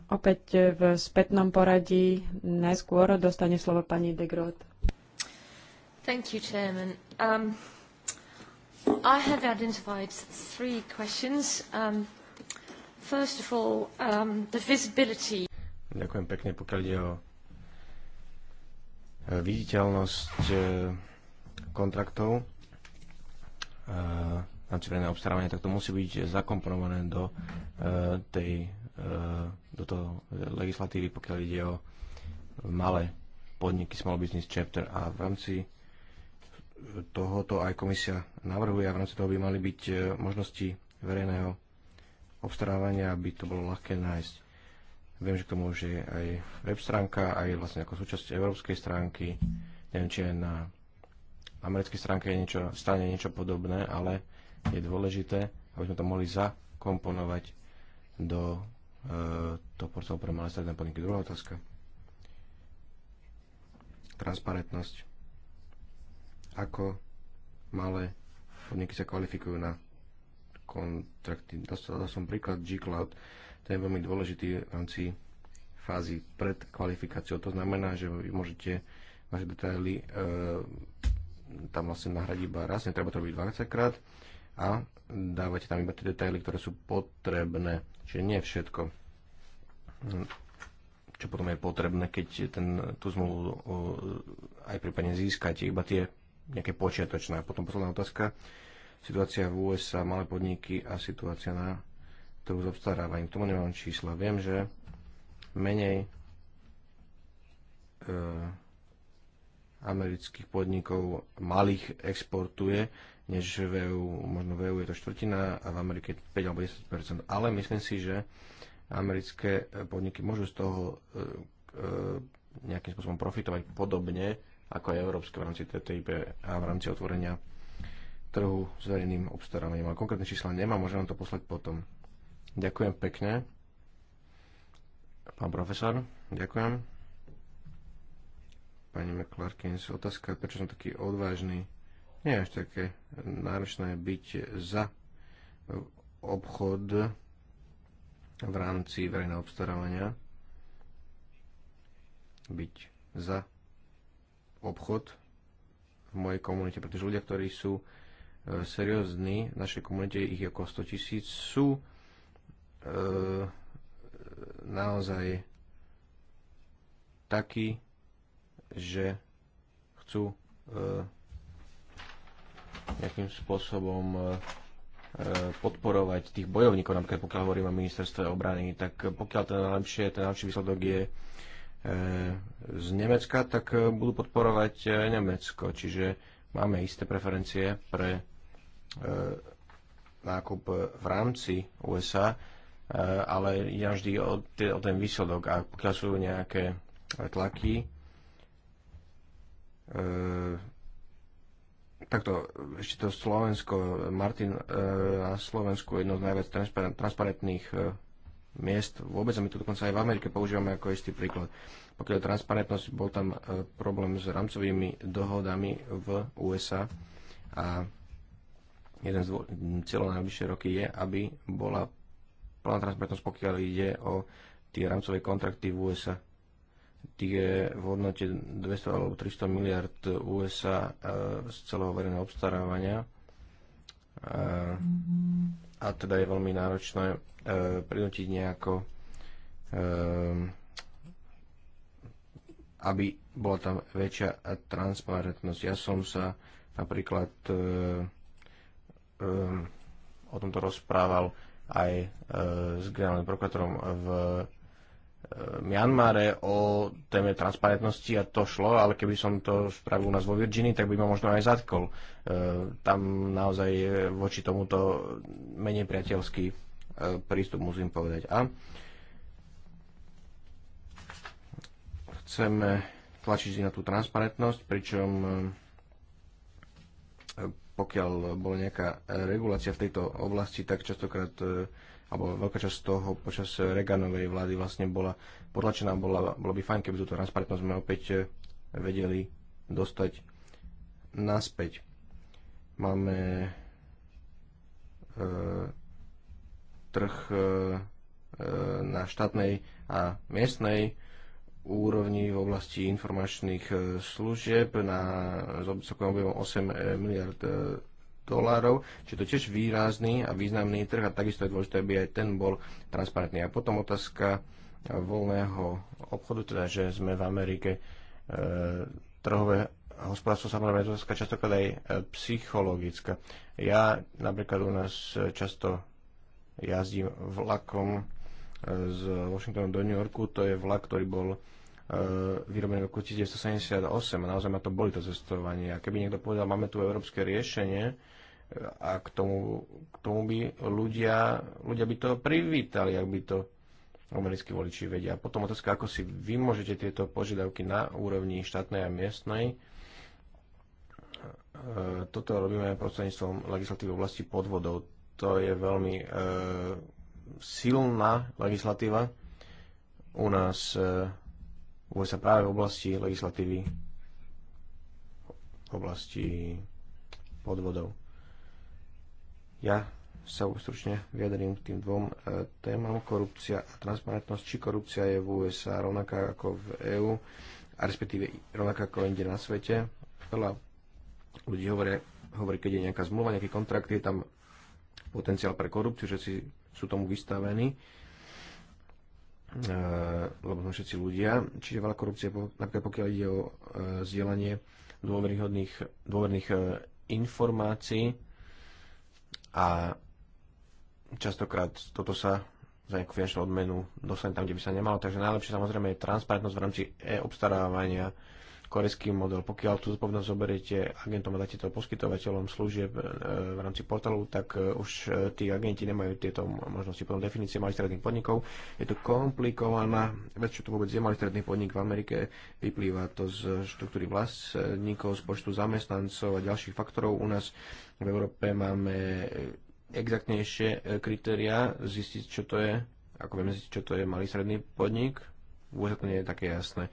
opäť v spätnom poradí. Najskôr dostane slovo pani de Groot. Thank you, Chairman. Um, I have identified three questions. Um, First of all, um, the visibility. Ďakujem pekne, pokiaľ ide o e, viditeľnosť e, kontraktov e, na červené obstarávanie, tak to musí byť zakomponované do tej do toho legislatívy, pokiaľ ide o malé podniky Small Business Chapter a v rámci tohoto aj komisia navrhuje a v rámci toho by mali byť možnosti verejného obstarávania, aby to bolo ľahké nájsť. Viem, že k tomu už je aj web stránka, aj vlastne ako súčasť európskej stránky. Neviem, či aj na americkej stránke je niečo, stane niečo podobné, ale je dôležité, aby sme to mohli zakomponovať do e, toho portálu pre malé stredné podniky. Druhá otázka. Transparentnosť. Ako malé podniky sa kvalifikujú na kontrakty. Dostal som príklad G-Cloud, ten je veľmi dôležitý v rámci fázy pred kvalifikáciou. To znamená, že vy môžete vaše detaily e, tam vlastne nahradiť iba raz, netreba to robiť 20 krát a dávate tam iba tie detaily, ktoré sú potrebné, čiže nie všetko. Čo potom je potrebné, keď ten, tú zmluvu e, aj prípadne získate, iba tie nejaké počiatočné. A potom posledná otázka, situácia v USA, malé podniky a situácia na trhu s obstarávaním. K tomu nemám čísla. Viem, že menej e, amerických podnikov malých exportuje, než v EU. Možno v EU je to štvrtina a v Amerike 5 alebo 10 Ale myslím si, že americké podniky môžu z toho e, e, nejakým spôsobom profitovať podobne ako aj európske v rámci TTIP a v rámci otvorenia trhu s verejným obstarávaním. Ale konkrétne čísla nemám, môžem vám to poslať potom. Ďakujem pekne. Pán profesor, ďakujem. Pani McClarkins, otázka, prečo som taký odvážny. Nie je až také náročné byť za obchod v rámci verejného obstarávania. Byť za obchod v mojej komunite, pretože ľudia, ktorí sú E, seriózny v našej komunite ich okolo 100 tisíc, sú e, naozaj takí, že chcú e, nejakým spôsobom e, e, podporovať tých bojovníkov, napríklad pokiaľ hovorím o ministerstve obrany, tak pokiaľ ten najlepšie, ten najlepší výsledok je e, z Nemecka, tak e, budú podporovať Nemecko. Čiže máme isté preferencie pre E, nákup v rámci USA, e, ale ja vždy o, o ten výsledok. A pokiaľ sú nejaké e, tlaky, takto ešte to Slovensko, Martin na Slovensku je jedno z najviac transparentných miest vôbec a my to dokonca aj v Amerike používame ako istý príklad. Pokiaľ transparentnosť, bol tam problém s rámcovými dohodami v USA a jeden z cieľov najbližšie roky je, aby bola plná transparentnosť, pokiaľ ide o tie rámcové kontrakty v USA. Tie v hodnote 200 alebo 300 miliard USA e, z celého verejného obstarávania. E, a teda je veľmi náročné e, prinútiť nejako aby bola tam väčšia transparentnosť. Ja som sa napríklad e, um, o tomto rozprával aj e, s generálnym prokurátorom v e, Mianmare o téme transparentnosti a to šlo, ale keby som to spravil u nás vo Virginii, tak by ma možno aj zatkol. E, tam naozaj je voči tomuto menej priateľský e, prístup, musím povedať. A chceme tlačiť na tú transparentnosť, pričom e, pokiaľ bola nejaká regulácia v tejto oblasti, tak častokrát, e, alebo veľká časť toho počas Reaganovej vlády vlastne bola potlačená, bola, bolo by fajn, keby túto transparentnosť sme opäť e, vedeli dostať naspäť. Máme e, trh e, e na štátnej a miestnej úrovni v oblasti informačných e, služieb na celkovom objemom 8 e, miliard e, dolárov, čiže to tiež výrazný a významný trh a takisto je dôležité, aby aj ten bol transparentný. A potom otázka voľného obchodu, teda že sme v Amerike e, trhové hospodárstvo samozrejme je otázka častokrát aj psychologická. Ja napríklad u nás často jazdím vlakom z Washingtonu do New Yorku, to je vlak, ktorý bol E, vyrobené v roku 1978 a naozaj ma to boli to cestovanie. A keby niekto povedal, máme tu európske riešenie e, a k tomu, k tomu by ľudia, ľudia by to privítali, ak by to americkí voliči vedia. A potom otázka, ako si vy môžete tieto požiadavky na úrovni štátnej a miestnej. E, toto robíme prostredníctvom legislatívy v oblasti podvodov. To je veľmi e, silná legislatíva. U nás e, USA práve v oblasti legislatívy, v oblasti podvodov. Ja sa stručne vyjadrím k tým dvom e, témam. Korupcia a transparentnosť. Či korupcia je v USA rovnaká ako v EÚ, a respektíve rovnaká ako inde na svete. Veľa ľudí hovorí, hovorí, keď je nejaká zmluva, nejaký kontrakt, je tam potenciál pre korupciu, že si sú tomu vystavení Eh, lebo sme všetci ľudia, čiže veľa korupcie, napríklad pokiaľ ide o eh, zdieľanie dôverných dôverných informácií a častokrát toto sa za nejakú finančnú odmenu dostane tam, kde by sa nemalo. Takže najlepšie samozrejme je transparentnosť v rámci e-obstarávania, korejský model. Pokiaľ tú zodpovednosť zoberiete agentom a dáte to poskytovateľom služieb e, v rámci portálu, tak e, už e, tí agenti nemajú tieto možnosti. Potom definície malých stredných podnikov. Je to komplikovaná vec, čo to vôbec je malý stredný podnik v Amerike. Vyplýva to z štruktúry vlastníkov, z počtu zamestnancov a ďalších faktorov. U nás v Európe máme exaktnejšie kritéria zistiť, čo to je, ako vieme zistiť, čo to je malý stredný podnik. vôbec to nie je také jasné.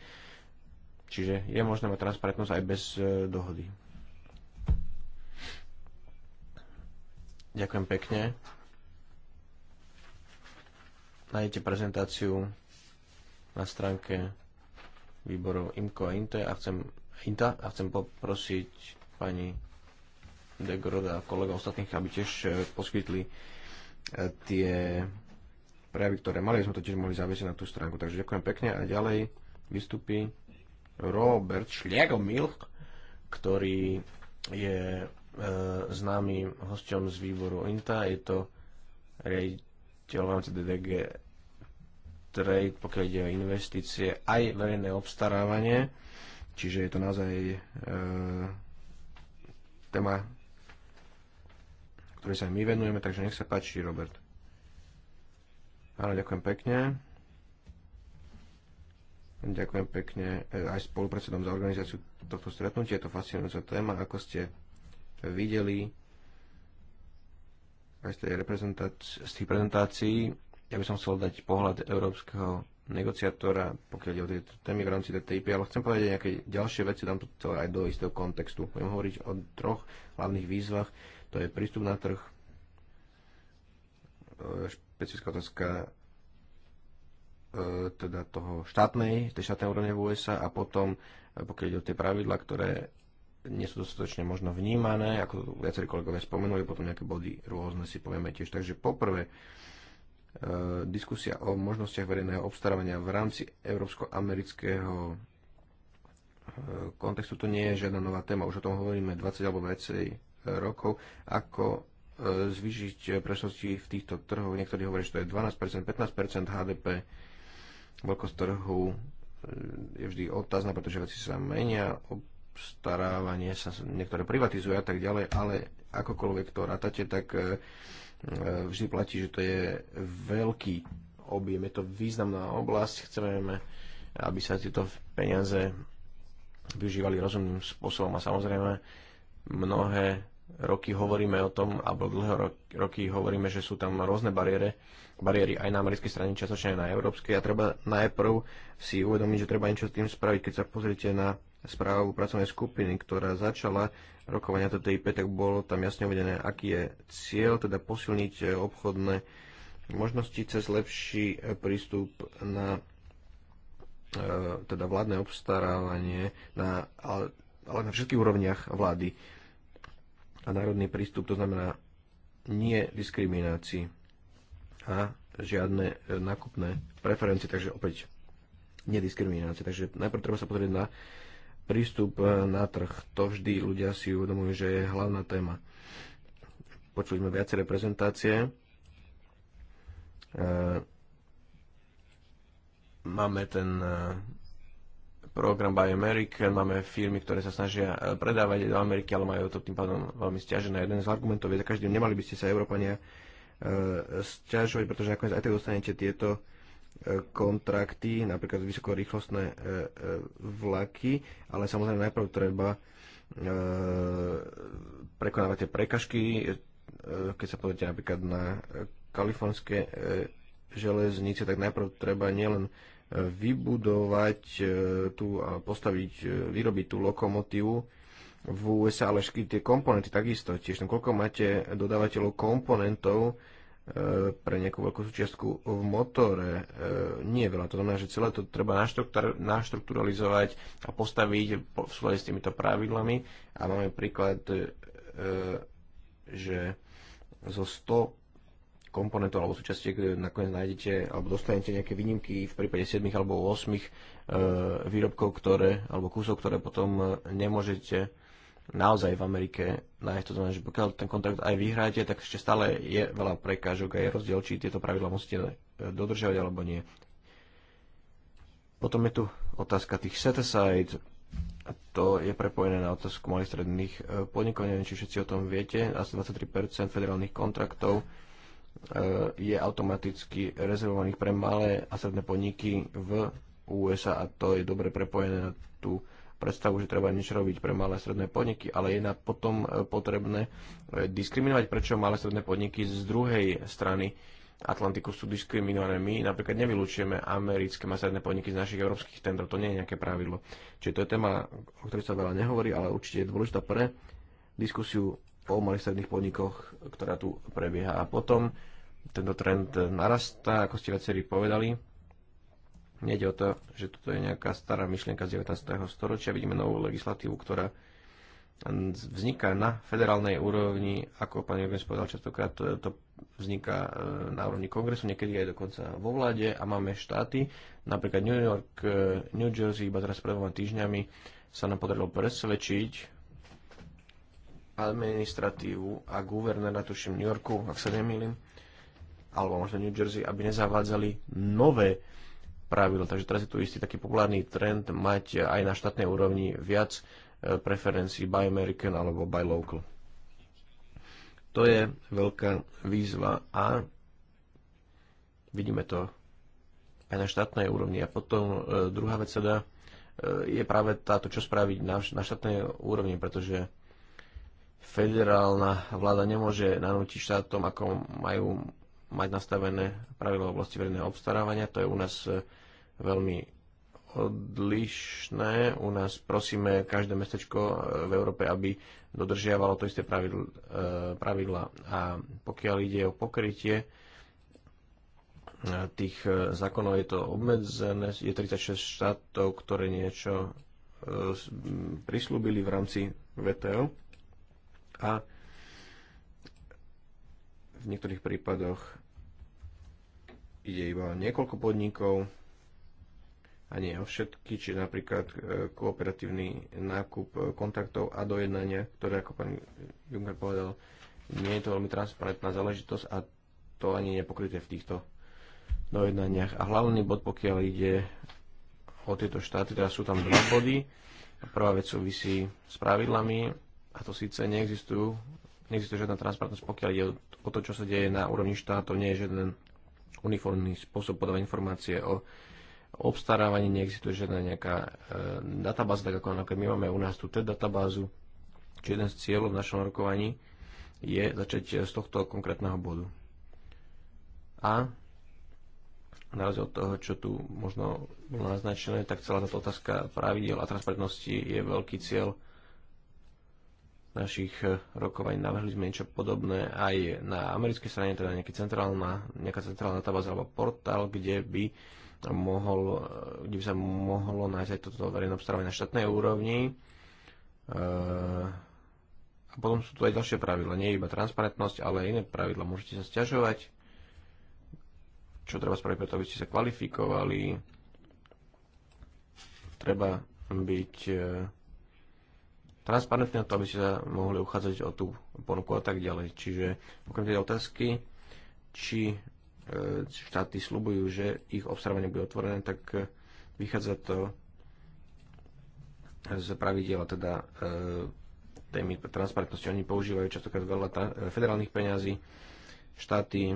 Čiže je možné mať transparentnosť aj bez e, dohody. Ďakujem pekne. Nájdete prezentáciu na stránke výborov IMCO a INTE a chcem, INTA a chcem poprosiť pani Degroda a kolega ostatných, aby tiež e, poskytli e, tie prejavy, ktoré mali, sme to tiež mohli zaviesť na tú stránku. Takže ďakujem pekne a ďalej vystupí Robert Schlegelmilch, ktorý je e, známym hosťom z výboru INTA. Je to riaditeľ v rámci DDG Trade, pokiaľ ide o investície, aj verejné obstarávanie. Čiže je to naozaj e, téma, ktorej sa aj my venujeme, takže nech sa páči, Robert. Áno, ďakujem pekne. Ďakujem pekne e, aj spolupredsedom za organizáciu tohto stretnutia. Je to fascinujúca téma, ako ste videli aj z, tej z tých prezentácií. Ja by som chcel dať pohľad európskeho negociátora, pokiaľ ide o tieto témy v rámci TTIP, ale chcem povedať aj nejaké ďalšie veci, dám to celé aj do istého kontextu. Budem hovoriť o troch hlavných výzvach. To je prístup na trh, e, špecifická otázka E, teda toho štátnej, tej štátnej úrovne v USA a potom, e, pokiaľ ide o tie pravidla, ktoré nie sú dostatočne možno vnímané, ako viacerí kolegovia spomenuli, potom nejaké body rôzne si povieme tiež. Takže poprvé, e, diskusia o možnostiach verejného obstarávania v rámci európsko-amerického kontextu to nie je žiadna nová téma. Už o tom hovoríme 20 alebo viacej rokov, ako zvýšiť presnosti v týchto trhoch. Niektorí hovoria, že to je 12%, 15% HDP Veľkosť trhu e, je vždy otázna, pretože veci sa menia, obstarávanie sa niektoré privatizuje a tak ďalej, ale akokoľvek to rátate, tak e, e, vždy platí, že to je veľký objem, je to významná oblasť, chceme, aby sa tieto peniaze využívali rozumným spôsobom a samozrejme mnohé roky hovoríme o tom, alebo dlhé roky hovoríme, že sú tam rôzne bariére, bariéry aj na americkej strane, čiastočne aj na európskej a treba najprv si uvedomiť, že treba niečo s tým spraviť. Keď sa pozrite na správu pracovnej skupiny, ktorá začala rokovania TTIP, tak bolo tam jasne uvedené, aký je cieľ, teda posilniť obchodné možnosti cez lepší prístup na e, teda vládne obstarávanie, na, ale, ale na všetkých úrovniach vlády a národný prístup, to znamená nie diskriminácii a žiadne e, nákupné preferencie, takže opäť nediskriminácia. Takže najprv treba sa pozrieť na prístup e, na trh. To vždy ľudia si uvedomujú, že je hlavná téma. Počuli sme viaceré prezentácie. E, máme ten program Buy American, máme firmy, ktoré sa snažia predávať do Ameriky, ale majú to tým pádom veľmi stiažené. Jeden z argumentov je, že každým nemali by ste sa Európania E, sťažovať, pretože nakoniec aj tak dostanete tieto e, kontrakty, napríklad vysokorýchlostné e, vlaky, ale samozrejme najprv treba prekonávať tie prekažky, keď sa pozrite napríklad na kalifornské železnice, tak najprv treba nielen vybudovať tú a postaviť, vyrobiť tú lokomotívu, v USA, ale všetky tie komponenty takisto tiež. No, koľko máte dodávateľov komponentov e, pre nejakú veľkú súčiastku v motore? E, nie je veľa. To znamená, že celé to treba naštrukturalizovať a postaviť v súlade s týmito pravidlami. A máme príklad, e, že zo 100 komponentov alebo súčastiek e, nakoniec nájdete alebo dostanete nejaké výnimky v prípade 7 alebo 8 e, výrobkov, ktoré, alebo kúsov, ktoré potom e, nemôžete naozaj v Amerike nájsť. To znamená, že pokiaľ ten kontrakt aj vyhráte, tak ešte stále je veľa prekážok a je rozdiel, či tieto pravidla musíte eh, dodržiavať alebo nie. Potom je tu otázka tých set aside. To je prepojené na otázku malých stredných eh, podnikov. Neviem, či všetci o tom viete. Asi 23% federálnych kontraktov eh, je automaticky rezervovaných pre malé a stredné podniky v USA a to je dobre prepojené na tú predstavu, že treba niečo robiť pre malé a stredné podniky, ale je na potom e, potrebné e, diskriminovať, prečo malé a stredné podniky z druhej strany Atlantiku sú diskriminované. My napríklad nevylučujeme americké stredné podniky z našich európskych tendrov. To nie je nejaké pravidlo. Čiže to je téma, o ktorej sa veľa nehovorí, ale určite je dôležitá pre diskusiu o malých stredných podnikoch, ktorá tu prebieha. A potom tento trend narastá, ako ste viacerí povedali Nejde o to, že toto je nejaká stará myšlienka z 19. storočia. Vidíme novú legislatívu, ktorá vzniká na federálnej úrovni, ako pán Jurgens povedal častokrát, to, to vzniká e, na úrovni kongresu, niekedy aj dokonca vo vláde a máme štáty, napríklad New York, e, New Jersey, iba teraz pred dvoma týždňami sa nám podarilo presvedčiť administratívu a guvernéra, tuším, New Yorku, ak sa nemýlim, alebo možno New Jersey, aby nezavádzali nové pravidel. Takže teraz je tu istý taký populárny trend mať aj na štátnej úrovni viac e, preferencií buy American alebo buy local. To je veľká výzva a vidíme to aj na štátnej úrovni. A potom e, druhá vec teda e, je práve táto, čo spraviť na, na štátnej úrovni, pretože federálna vláda nemôže nanútiť štátom, ako majú mať nastavené pravidla v oblasti verejného obstarávania. To je u nás e, veľmi odlišné. U nás prosíme každé mestečko e, v Európe, aby dodržiavalo to isté e, pravidla. A pokiaľ ide o pokrytie tých zákonov, je to obmedzené. Je 36 štátov, ktoré niečo prislúbili v rámci VTO. A v niektorých prípadoch ide iba o niekoľko podnikov a nie o všetky, či napríklad e, kooperatívny nákup e, kontaktov a dojednania, ktoré, ako pán Juncker povedal, nie je to veľmi transparentná záležitosť a to ani nepokryté v týchto dojednaniach. A hlavný bod, pokiaľ ide o tieto štáty, teda sú tam dva body. Prvá vec súvisí s pravidlami a to síce neexistujú, neexistuje žiadna transparentnosť, pokiaľ ide o to, čo sa deje na úrovni štátov, nie je žiaden uniformný spôsob podávať informácie o obstarávaní, neexistuje žiadna nejaká e, databáza, tak ako napríklad my máme u nás tú TED databázu, či jeden z cieľov v našom rokovaní je začať e, z tohto konkrétneho bodu. A na rozdiel od toho, čo tu možno bolo naznačené, tak celá táto otázka pravidel a transparentnosti je veľký cieľ našich eh, rokovaní navrhli sme niečo podobné aj na americkej strane, teda nejaká centrálna, nejaká centrálna tabáza alebo portál, kde by, mohol, eh, kde by sa mohlo nájsť aj toto verejné obstarávanie na štátnej úrovni. Eh, a potom sú tu aj ďalšie pravidla, nie iba transparentnosť, ale aj iné pravidla. Môžete sa stiažovať, čo treba spraviť preto, aby ste sa kvalifikovali. Treba byť Transparentne na to, aby ste sa mohli uchádzať o tú ponuku a tak ďalej. Čiže okrem tej otázky, či e, štáty slubujú, že ich obstarávanie bude otvorené, tak e, vychádza to z pravidela teda e, témy transparentnosti. Oni používajú častokrát veľa federálnych peňazí, štáty,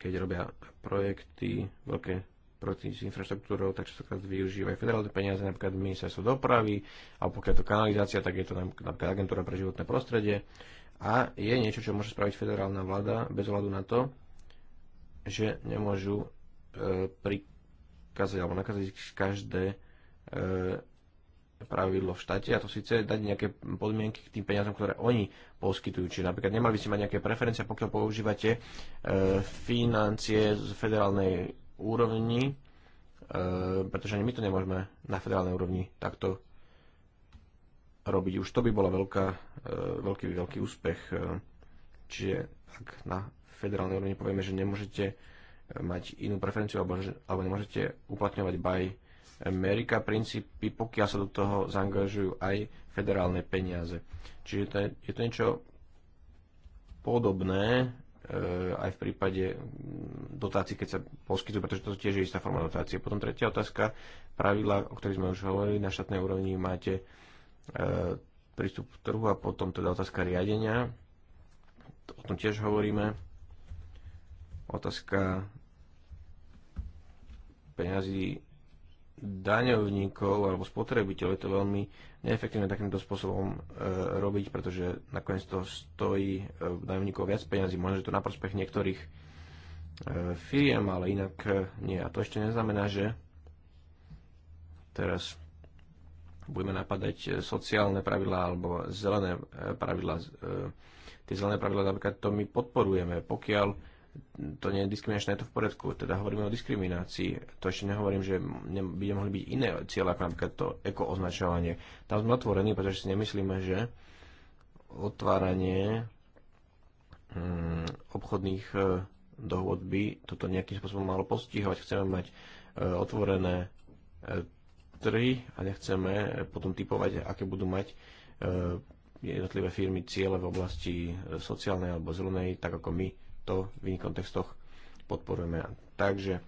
keď robia projekty, veľké proti s infraštruktúrou, tak častokrát využívajú federálne peniaze, napríklad ministerstvo dopravy, alebo pokiaľ je to kanalizácia, tak je to napríklad agentúra pre životné prostredie. A je niečo, čo môže spraviť federálna vláda bez ohľadu na to, že nemôžu e, prikázať alebo nakaziť každé e, pravidlo v štáte a to síce dať nejaké podmienky k tým peniazom, ktoré oni poskytujú. Čiže napríklad nemali by ste mať nejaké preferencie, pokiaľ používate e, financie z federálnej úrovni, e, pretože ani my to nemôžeme na federálnej úrovni takto robiť. Už to by bola veľká, e, veľký, veľký úspech. E, čiže ak na federálnej úrovni povieme, že nemôžete mať inú preferenciu alebo, alebo nemôžete uplatňovať by Amerika princípy, pokiaľ sa do toho zaangažujú aj federálne peniaze. Čiže to je, je to niečo podobné E, aj v prípade mm, dotácií, keď sa poskytujú, pretože to tiež je istá forma dotácie. Potom tretia otázka, pravidla, o ktorých sme už hovorili, na štátnej úrovni máte e, prístup k trhu a potom teda otázka riadenia, o tom tiež hovoríme. Otázka peňazí daňovníkov alebo spotrebiteľov je to veľmi neefektívne takýmto spôsobom e, robiť, pretože nakoniec to stojí e, daňovníkov viac peniazy. Možno, že to na prospech niektorých e, firiem, ale inak e, nie. A to ešte neznamená, že teraz budeme napadať e, sociálne pravidlá alebo zelené e, pravidlá. E, tie zelené pravidlá napríklad to my podporujeme, pokiaľ to nie je diskriminačné, je to v poriadku. Teda hovoríme o diskriminácii. To ešte nehovorím, že by mohli byť iné cieľe, ako napríklad to ekooznačovanie. Tam sme otvorení, pretože si nemyslíme, že otváranie mm, obchodných e, dohôd by toto nejakým spôsobom malo postihovať. Chceme mať e, otvorené e, trhy a nechceme potom typovať, aké budú mať jednotlivé firmy ciele v oblasti sociálnej alebo zelenej, tak ako my to v iných kontextoch podporujeme. Takže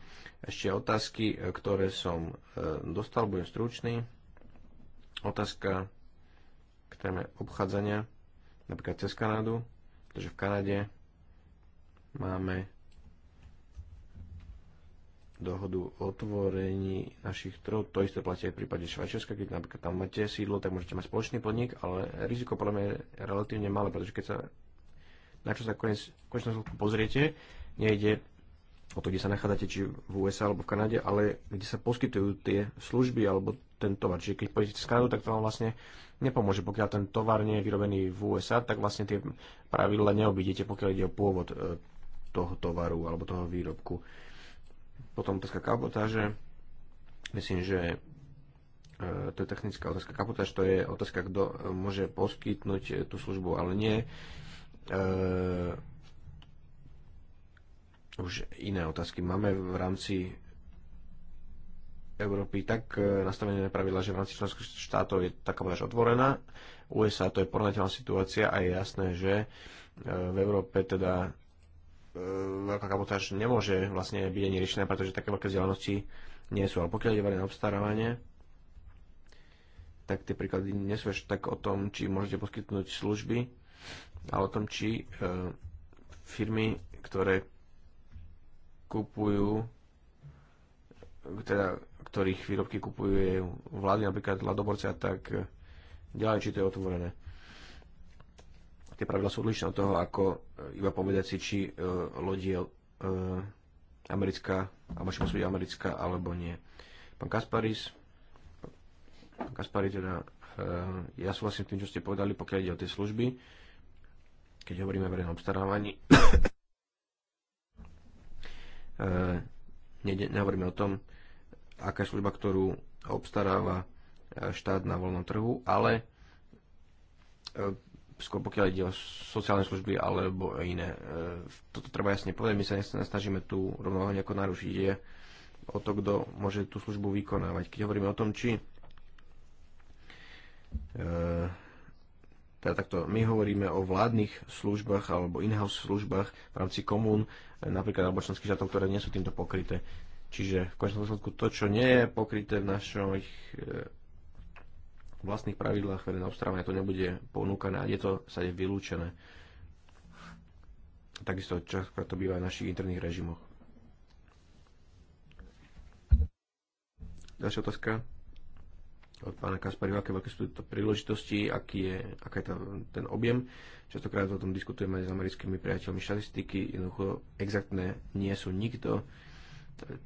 ešte otázky, ktoré som e, dostal, budem stručný. Otázka k téme obchádzania, napríklad cez Kanadu, pretože v Kanade máme dohodu o otvorení našich trhov. To isté platí aj v prípade Švajčiarska, keď napríklad tam máte sídlo, tak môžete mať spoločný podnik, ale riziko podľa mňa je relatívne malé, pretože keď sa na čo sa konec, konečnom zlúku pozriete, nejde o to, kde sa nachádzate, či v USA alebo v Kanade, ale kde sa poskytujú tie služby alebo ten tovar. Čiže keď pôjdete z Kanadu, tak to vám vlastne nepomôže. Pokiaľ ten tovar nie je vyrobený v USA, tak vlastne tie pravidla neobídete, pokiaľ ide o pôvod e, toho tovaru alebo toho výrobku. Potom otázka kabotáže. Myslím, že e, to je technická otázka kabotáž, to je otázka, kto e, môže poskytnúť tú službu, ale nie Ehm, už iné otázky. Máme v rámci Európy tak eh, nastavené pravidla, že v rámci členských štátov je taká voda otvorená. USA to je porovnateľná situácia a je jasné, že eh, v Európe teda eh, veľká kabotáž nemôže vlastne byť ani riešená, pretože také veľké vzdialenosti nie sú. Ale pokiaľ je verejné obstarávanie, tak tie príklady nesú tak o tom, či môžete poskytnúť služby, a o tom, či e, firmy, ktoré kupujú, teda, ktorých výrobky kupujú vlády, napríklad Ladoborcia, tak e, ďalej, či to je otvorené. Tie pravidla sú odlišné od toho, ako e, iba povedať si, či e, lodi je e, americká, alebo či musí americká, alebo nie. Pán Kasparis, pán Kasparis teda, e, ja súhlasím s tým, čo ste povedali, pokiaľ ide o tie služby keď hovoríme o verejnom obstarávaní, e, nehovoríme o tom, aká je služba, ktorú obstaráva e, štát na voľnom trhu, ale e, skôr pokiaľ ide o sociálne služby alebo iné. Toto treba jasne povedať, my sa nesnažíme tu rovnováhu nejako narušiť. Je o to, kto môže tú službu vykonávať. Keď hovoríme o tom, či teda takto, my hovoríme o vládnych službách alebo in-house službách v rámci komún, napríklad alebo členských štátov, ktoré nie sú týmto pokryté. Čiže v končnom dôsledku to, čo nie je pokryté v našich eh, vlastných pravidlách verejného obstarávania, to nebude ponúkané a je to sa je vylúčené. Takisto často to býva aj v našich interných režimoch. Ďalšia otázka od pána Kaspariva, aké veľké sú to príležitosti, aký je, aká je tam ten objem. Častokrát o tom diskutujeme aj s americkými priateľmi štatistiky, jednoducho exaktné nie sú nikto,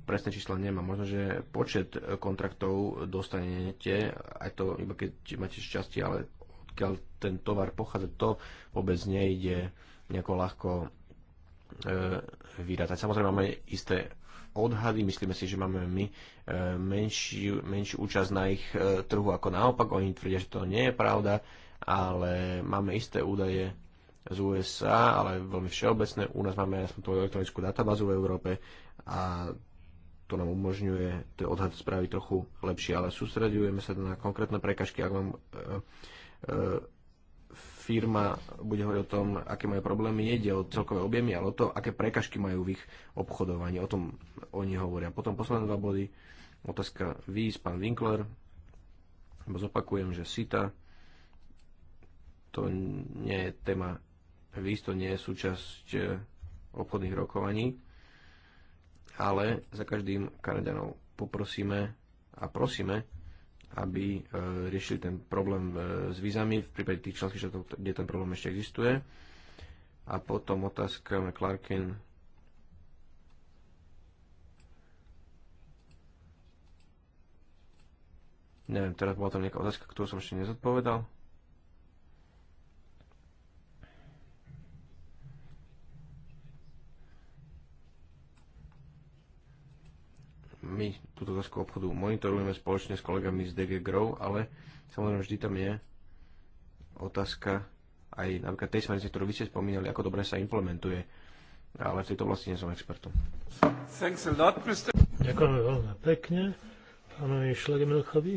presné čísla nemá. Možno, že počet kontraktov dostanete, aj to iba keď máte šťastie, ale odkiaľ ten tovar pochádza, to vôbec nejde nejako ľahko e, vyrátať. Samozrejme máme isté odhady. Myslíme si, že máme my e, menšiu, menšiu účasť na ich e, trhu ako naopak. Oni tvrdia, že to nie je pravda, ale máme isté údaje z USA, ale veľmi všeobecné. U nás máme aspoň tú elektronickú databázu v Európe a to nám umožňuje ten odhad spraviť trochu lepšie, ale sústredujeme sa na konkrétne prekažky, ak mám e, e, firma bude hovoriť o tom, aké majú problémy, nejde o celkové objemy, ale o to, aké prekažky majú v ich obchodovaní. O tom oni hovoria. Potom posledné dva body. Otázka víz, pán Winkler. Zopakujem, že SITA to nie je téma víz, to nie je súčasť e, obchodných rokovaní, ale za každým Kanadianov poprosíme a prosíme, aby e, riešili ten problém e, s vízami v prípade tých členských štátov, kde ten problém ešte existuje. A potom otázka Clarkin. Neviem, teraz bola tam nejaká otázka, ktorú som ešte nezodpovedal. my túto otázku obchodu monitorujeme spoločne s kolegami z DG Grow, ale samozrejme vždy tam je otázka aj napríklad tej smernice, ktorú vy ste spomínali, ako dobre sa implementuje. Ale v tejto oblasti nie som expertom. Thanks a lot, Mr. Ďakujeme veľmi pekne pánovi Šlegemelchovi.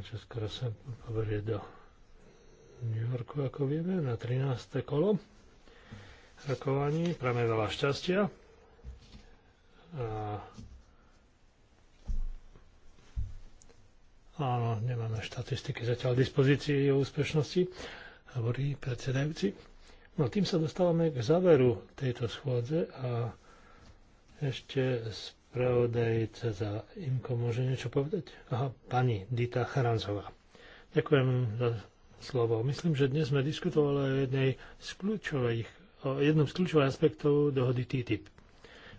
Čo skoro sa poberie do New Yorku, ako vieme, na 13. kolo rokovaní. Práve veľa šťastia. Áno, nemáme štatistiky zatiaľ v dispozícii o úspešnosti, hovorí predsedajúci. No tým sa dostávame k záveru tejto schôdze a ešte spravodajca za Imko môže niečo povedať? Aha, pani Dita Charanzová. Ďakujem za slovo. Myslím, že dnes sme diskutovali o jednej z o jednom z kľúčových aspektov dohody TTIP.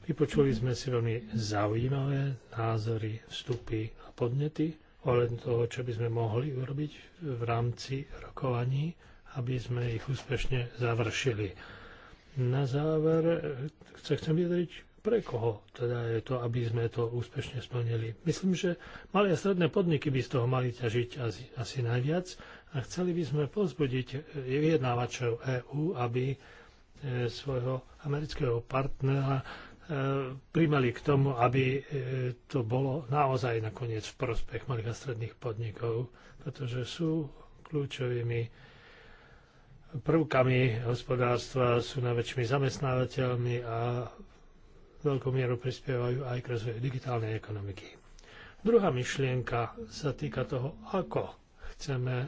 Vypočuli sme si veľmi zaujímavé názory, vstupy a podnety ohľadom toho, čo by sme mohli urobiť v rámci rokovaní, aby sme ich úspešne završili. Na záver sa chcem vyjadriť, pre koho teda je to, aby sme to úspešne splnili. Myslím, že malé a stredné podniky by z toho mali ťažiť asi, asi najviac a chceli by sme pozbudiť vyjednávačov EÚ, aby e, svojho amerického partnera E, primeli k tomu, aby e, to bolo naozaj nakoniec v prospech malých a stredných podnikov, pretože sú kľúčovými prvkami hospodárstva, sú najväčšími zamestnávateľmi a veľkou mieru prispievajú aj k rozvoju digitálnej ekonomiky. Druhá myšlienka sa týka toho, ako chceme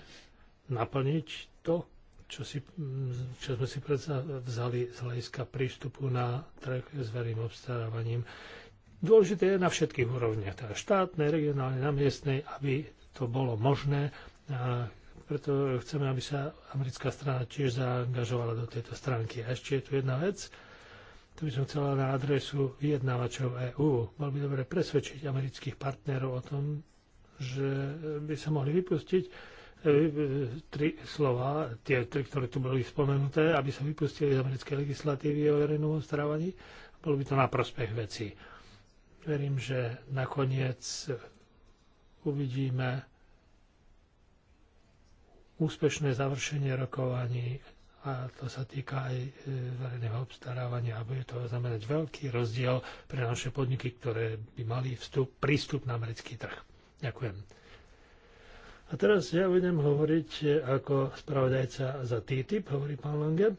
naplniť to, čo, si, mm, čo sme si predsa vzali z hľadiska prístupu na trh s verým obstarávaním. Dôležité je na všetkých úrovniach, teda štátnej, regionálnej, na miestnej, aby to bolo možné. A preto chceme, aby sa americká strana tiež zaangažovala do tejto stránky. A ešte je tu jedna vec, to by som chcela na adresu vyjednávačov EÚ. Mal by dobre presvedčiť amerických partnerov o tom, že by sa mohli vypustiť E, e, tri slova, tie tri, ktoré tu boli spomenuté, aby sa vypustili z americkej legislatívy o verejnom strávaní. Bolo by to na prospech veci. Verím, že nakoniec uvidíme úspešné završenie rokovaní a to sa týka aj e, verejného obstarávania a bude to znamenať veľký rozdiel pre naše podniky, ktoré by mali vstup, prístup na americký trh. Ďakujem. A teraz ja budem hovoriť ako spravodajca za TTIP, hovorí pán Lange.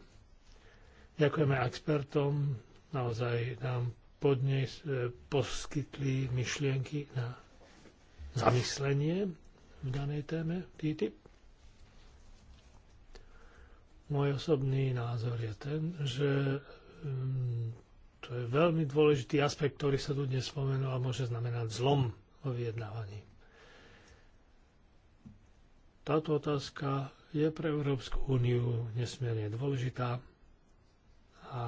Ďakujeme expertom, naozaj nám podnes e, poskytli myšlienky na zamyslenie v danej téme TTIP. Môj osobný názor je ten, že mm, to je veľmi dôležitý aspekt, ktorý sa tu dnes spomenul a môže znamenať zlom o vyjednávaní. Táto otázka je pre Európsku úniu nesmierne dôležitá a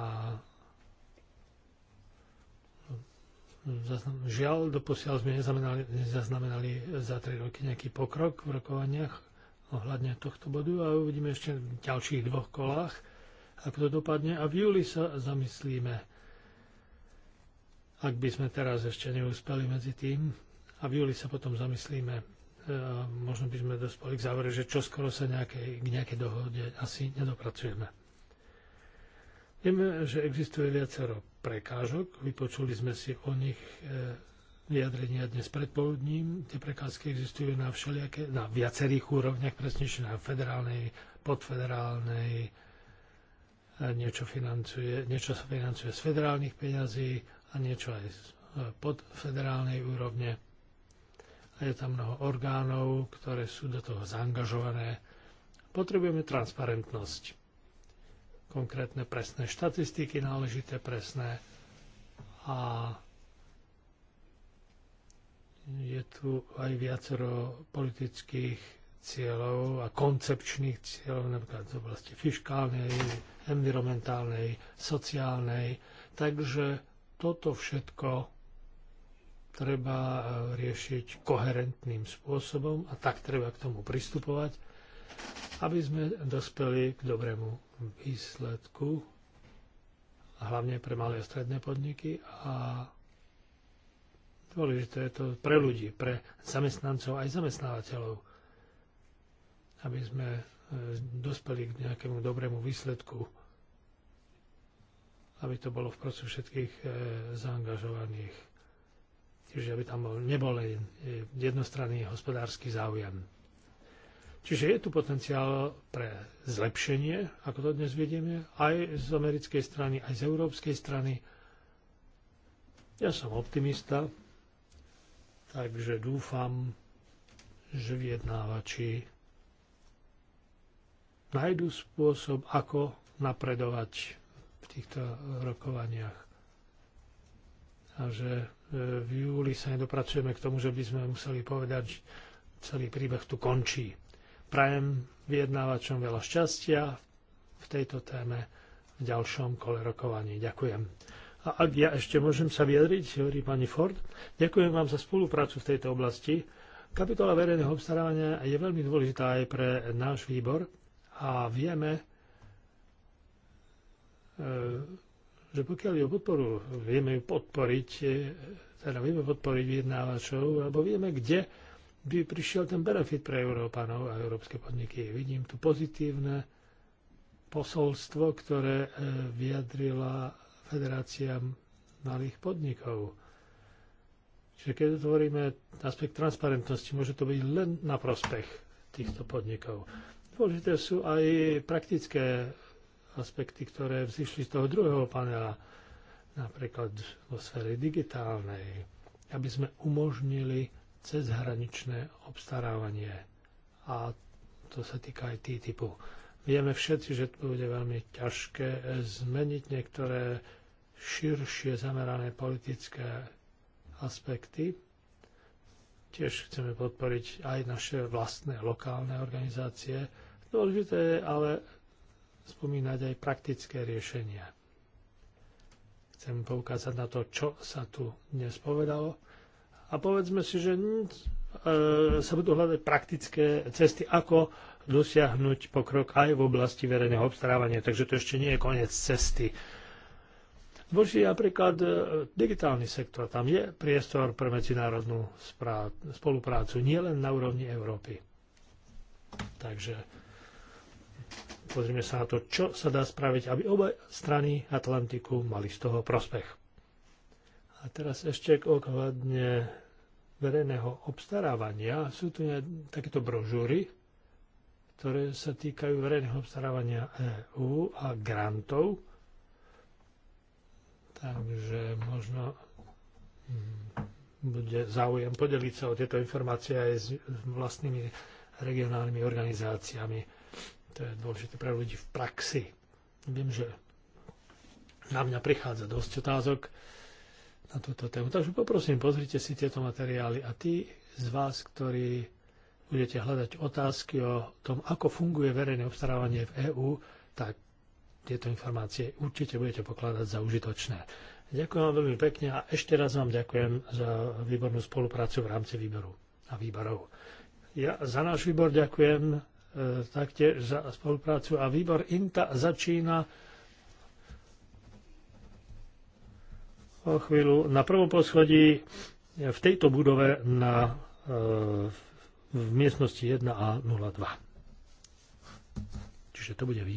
žiaľ, doposiaľ sme nezaznamenali za tri roky nejaký pokrok v rokovaniach ohľadne tohto bodu a uvidíme ešte v ďalších dvoch kolách, ako to dopadne a v júli sa zamyslíme ak by sme teraz ešte neúspeli medzi tým a v júli sa potom zamyslíme možno by sme dospeli k závere, že skoro sa nejakej, k nejakej dohode asi nedopracujeme. Vieme, že existuje viacero prekážok. Vypočuli sme si o nich e, vyjadrenia dnes predpoludním. Tie prekážky existujú na, všelijaké, na viacerých úrovniach, presnejšie na federálnej, podfederálnej, e, niečo, financuje, niečo sa financuje z federálnych peňazí a niečo aj z e, podfederálnej úrovne a je tam mnoho orgánov, ktoré sú do toho zaangažované. Potrebujeme transparentnosť, konkrétne presné štatistiky, náležité presné a je tu aj viacero politických cieľov a koncepčných cieľov, napríklad z oblasti fiskálnej, environmentálnej, sociálnej. Takže toto všetko treba e, riešiť koherentným spôsobom a tak treba k tomu pristupovať, aby sme dospeli k dobrému výsledku, hlavne pre malé a stredné podniky a dôležité je to pre ľudí, pre zamestnancov aj zamestnávateľov, aby sme e, dospeli k nejakému dobrému výsledku, aby to bolo v prosu všetkých e, zaangažovaných. Čiže aby tam nebol e, jednostranný hospodársky záujem. Čiže je tu potenciál pre zlepšenie, ako to dnes vidíme, aj z americkej strany, aj z európskej strany. Ja som optimista, takže dúfam, že vyjednávači nájdu spôsob, ako napredovať v týchto rokovaniach a že e, v júli sa nedopracujeme k tomu, že by sme museli povedať, že celý príbeh tu končí. Prajem vyjednávačom veľa šťastia v tejto téme v ďalšom kole rokovaní. Ďakujem. A ak ja ešte môžem sa vyjadriť, hovorí pani Ford, ďakujem vám za spoluprácu v tejto oblasti. Kapitola verejného obstarávania je veľmi dôležitá aj pre náš výbor a vieme, e, že pokiaľ ju podporu vieme ju podporiť, e, teda vieme podporiť vyjednávačov, alebo vieme, kde by prišiel ten benefit pre Európanov a európske podniky. Vidím tu pozitívne posolstvo, ktoré e, vyjadrila Federácia malých podnikov. Čiže keď otvoríme aspekt transparentnosti, môže to byť len na prospech týchto podnikov. Dôležité sú aj praktické aspekty, ktoré vzýšli z toho druhého panela, napríklad vo sfere digitálnej, aby sme umožnili cezhraničné obstarávanie. A to sa týka aj T-typu. Vieme všetci, že to bude veľmi ťažké zmeniť niektoré širšie zamerané politické aspekty. Tiež chceme podporiť aj naše vlastné lokálne organizácie. Dôležité je ale spomínať aj praktické riešenia. Chcem poukázať na to, čo sa tu dnes povedalo. A povedzme si, že e, sa budú hľadať praktické cesty, ako dosiahnuť pokrok aj v oblasti verejného obstarávania. Takže to ešte nie je koniec cesty. je napríklad e, digitálny sektor. Tam je priestor pre medzinárodnú spoluprácu, nielen na úrovni Európy. Takže pozrime sa na to, čo sa dá spraviť, aby obe strany Atlantiku mali z toho prospech. A teraz ešte okladne verejného obstarávania. Sú tu takéto brožúry, ktoré sa týkajú verejného obstarávania EÚ a grantov. Takže možno hm, bude záujem podeliť sa o tieto informácie aj s vlastnými regionálnymi organizáciami to je dôležité pre ľudí v praxi. Viem, že na mňa prichádza dosť otázok na túto tému. Takže poprosím, pozrite si tieto materiály a tí z vás, ktorí budete hľadať otázky o tom, ako funguje verejné obstarávanie v EÚ, tak tieto informácie určite budete pokladať za užitočné. Ďakujem vám veľmi pekne a ešte raz vám ďakujem za výbornú spoluprácu v rámci výboru a výborov. Ja za náš výbor ďakujem E, taktiež za spoluprácu a výbor INTA začína o chvíľu na prvom poschodí v tejto budove na, e, v miestnosti 1A02. Čiže to bude výbor.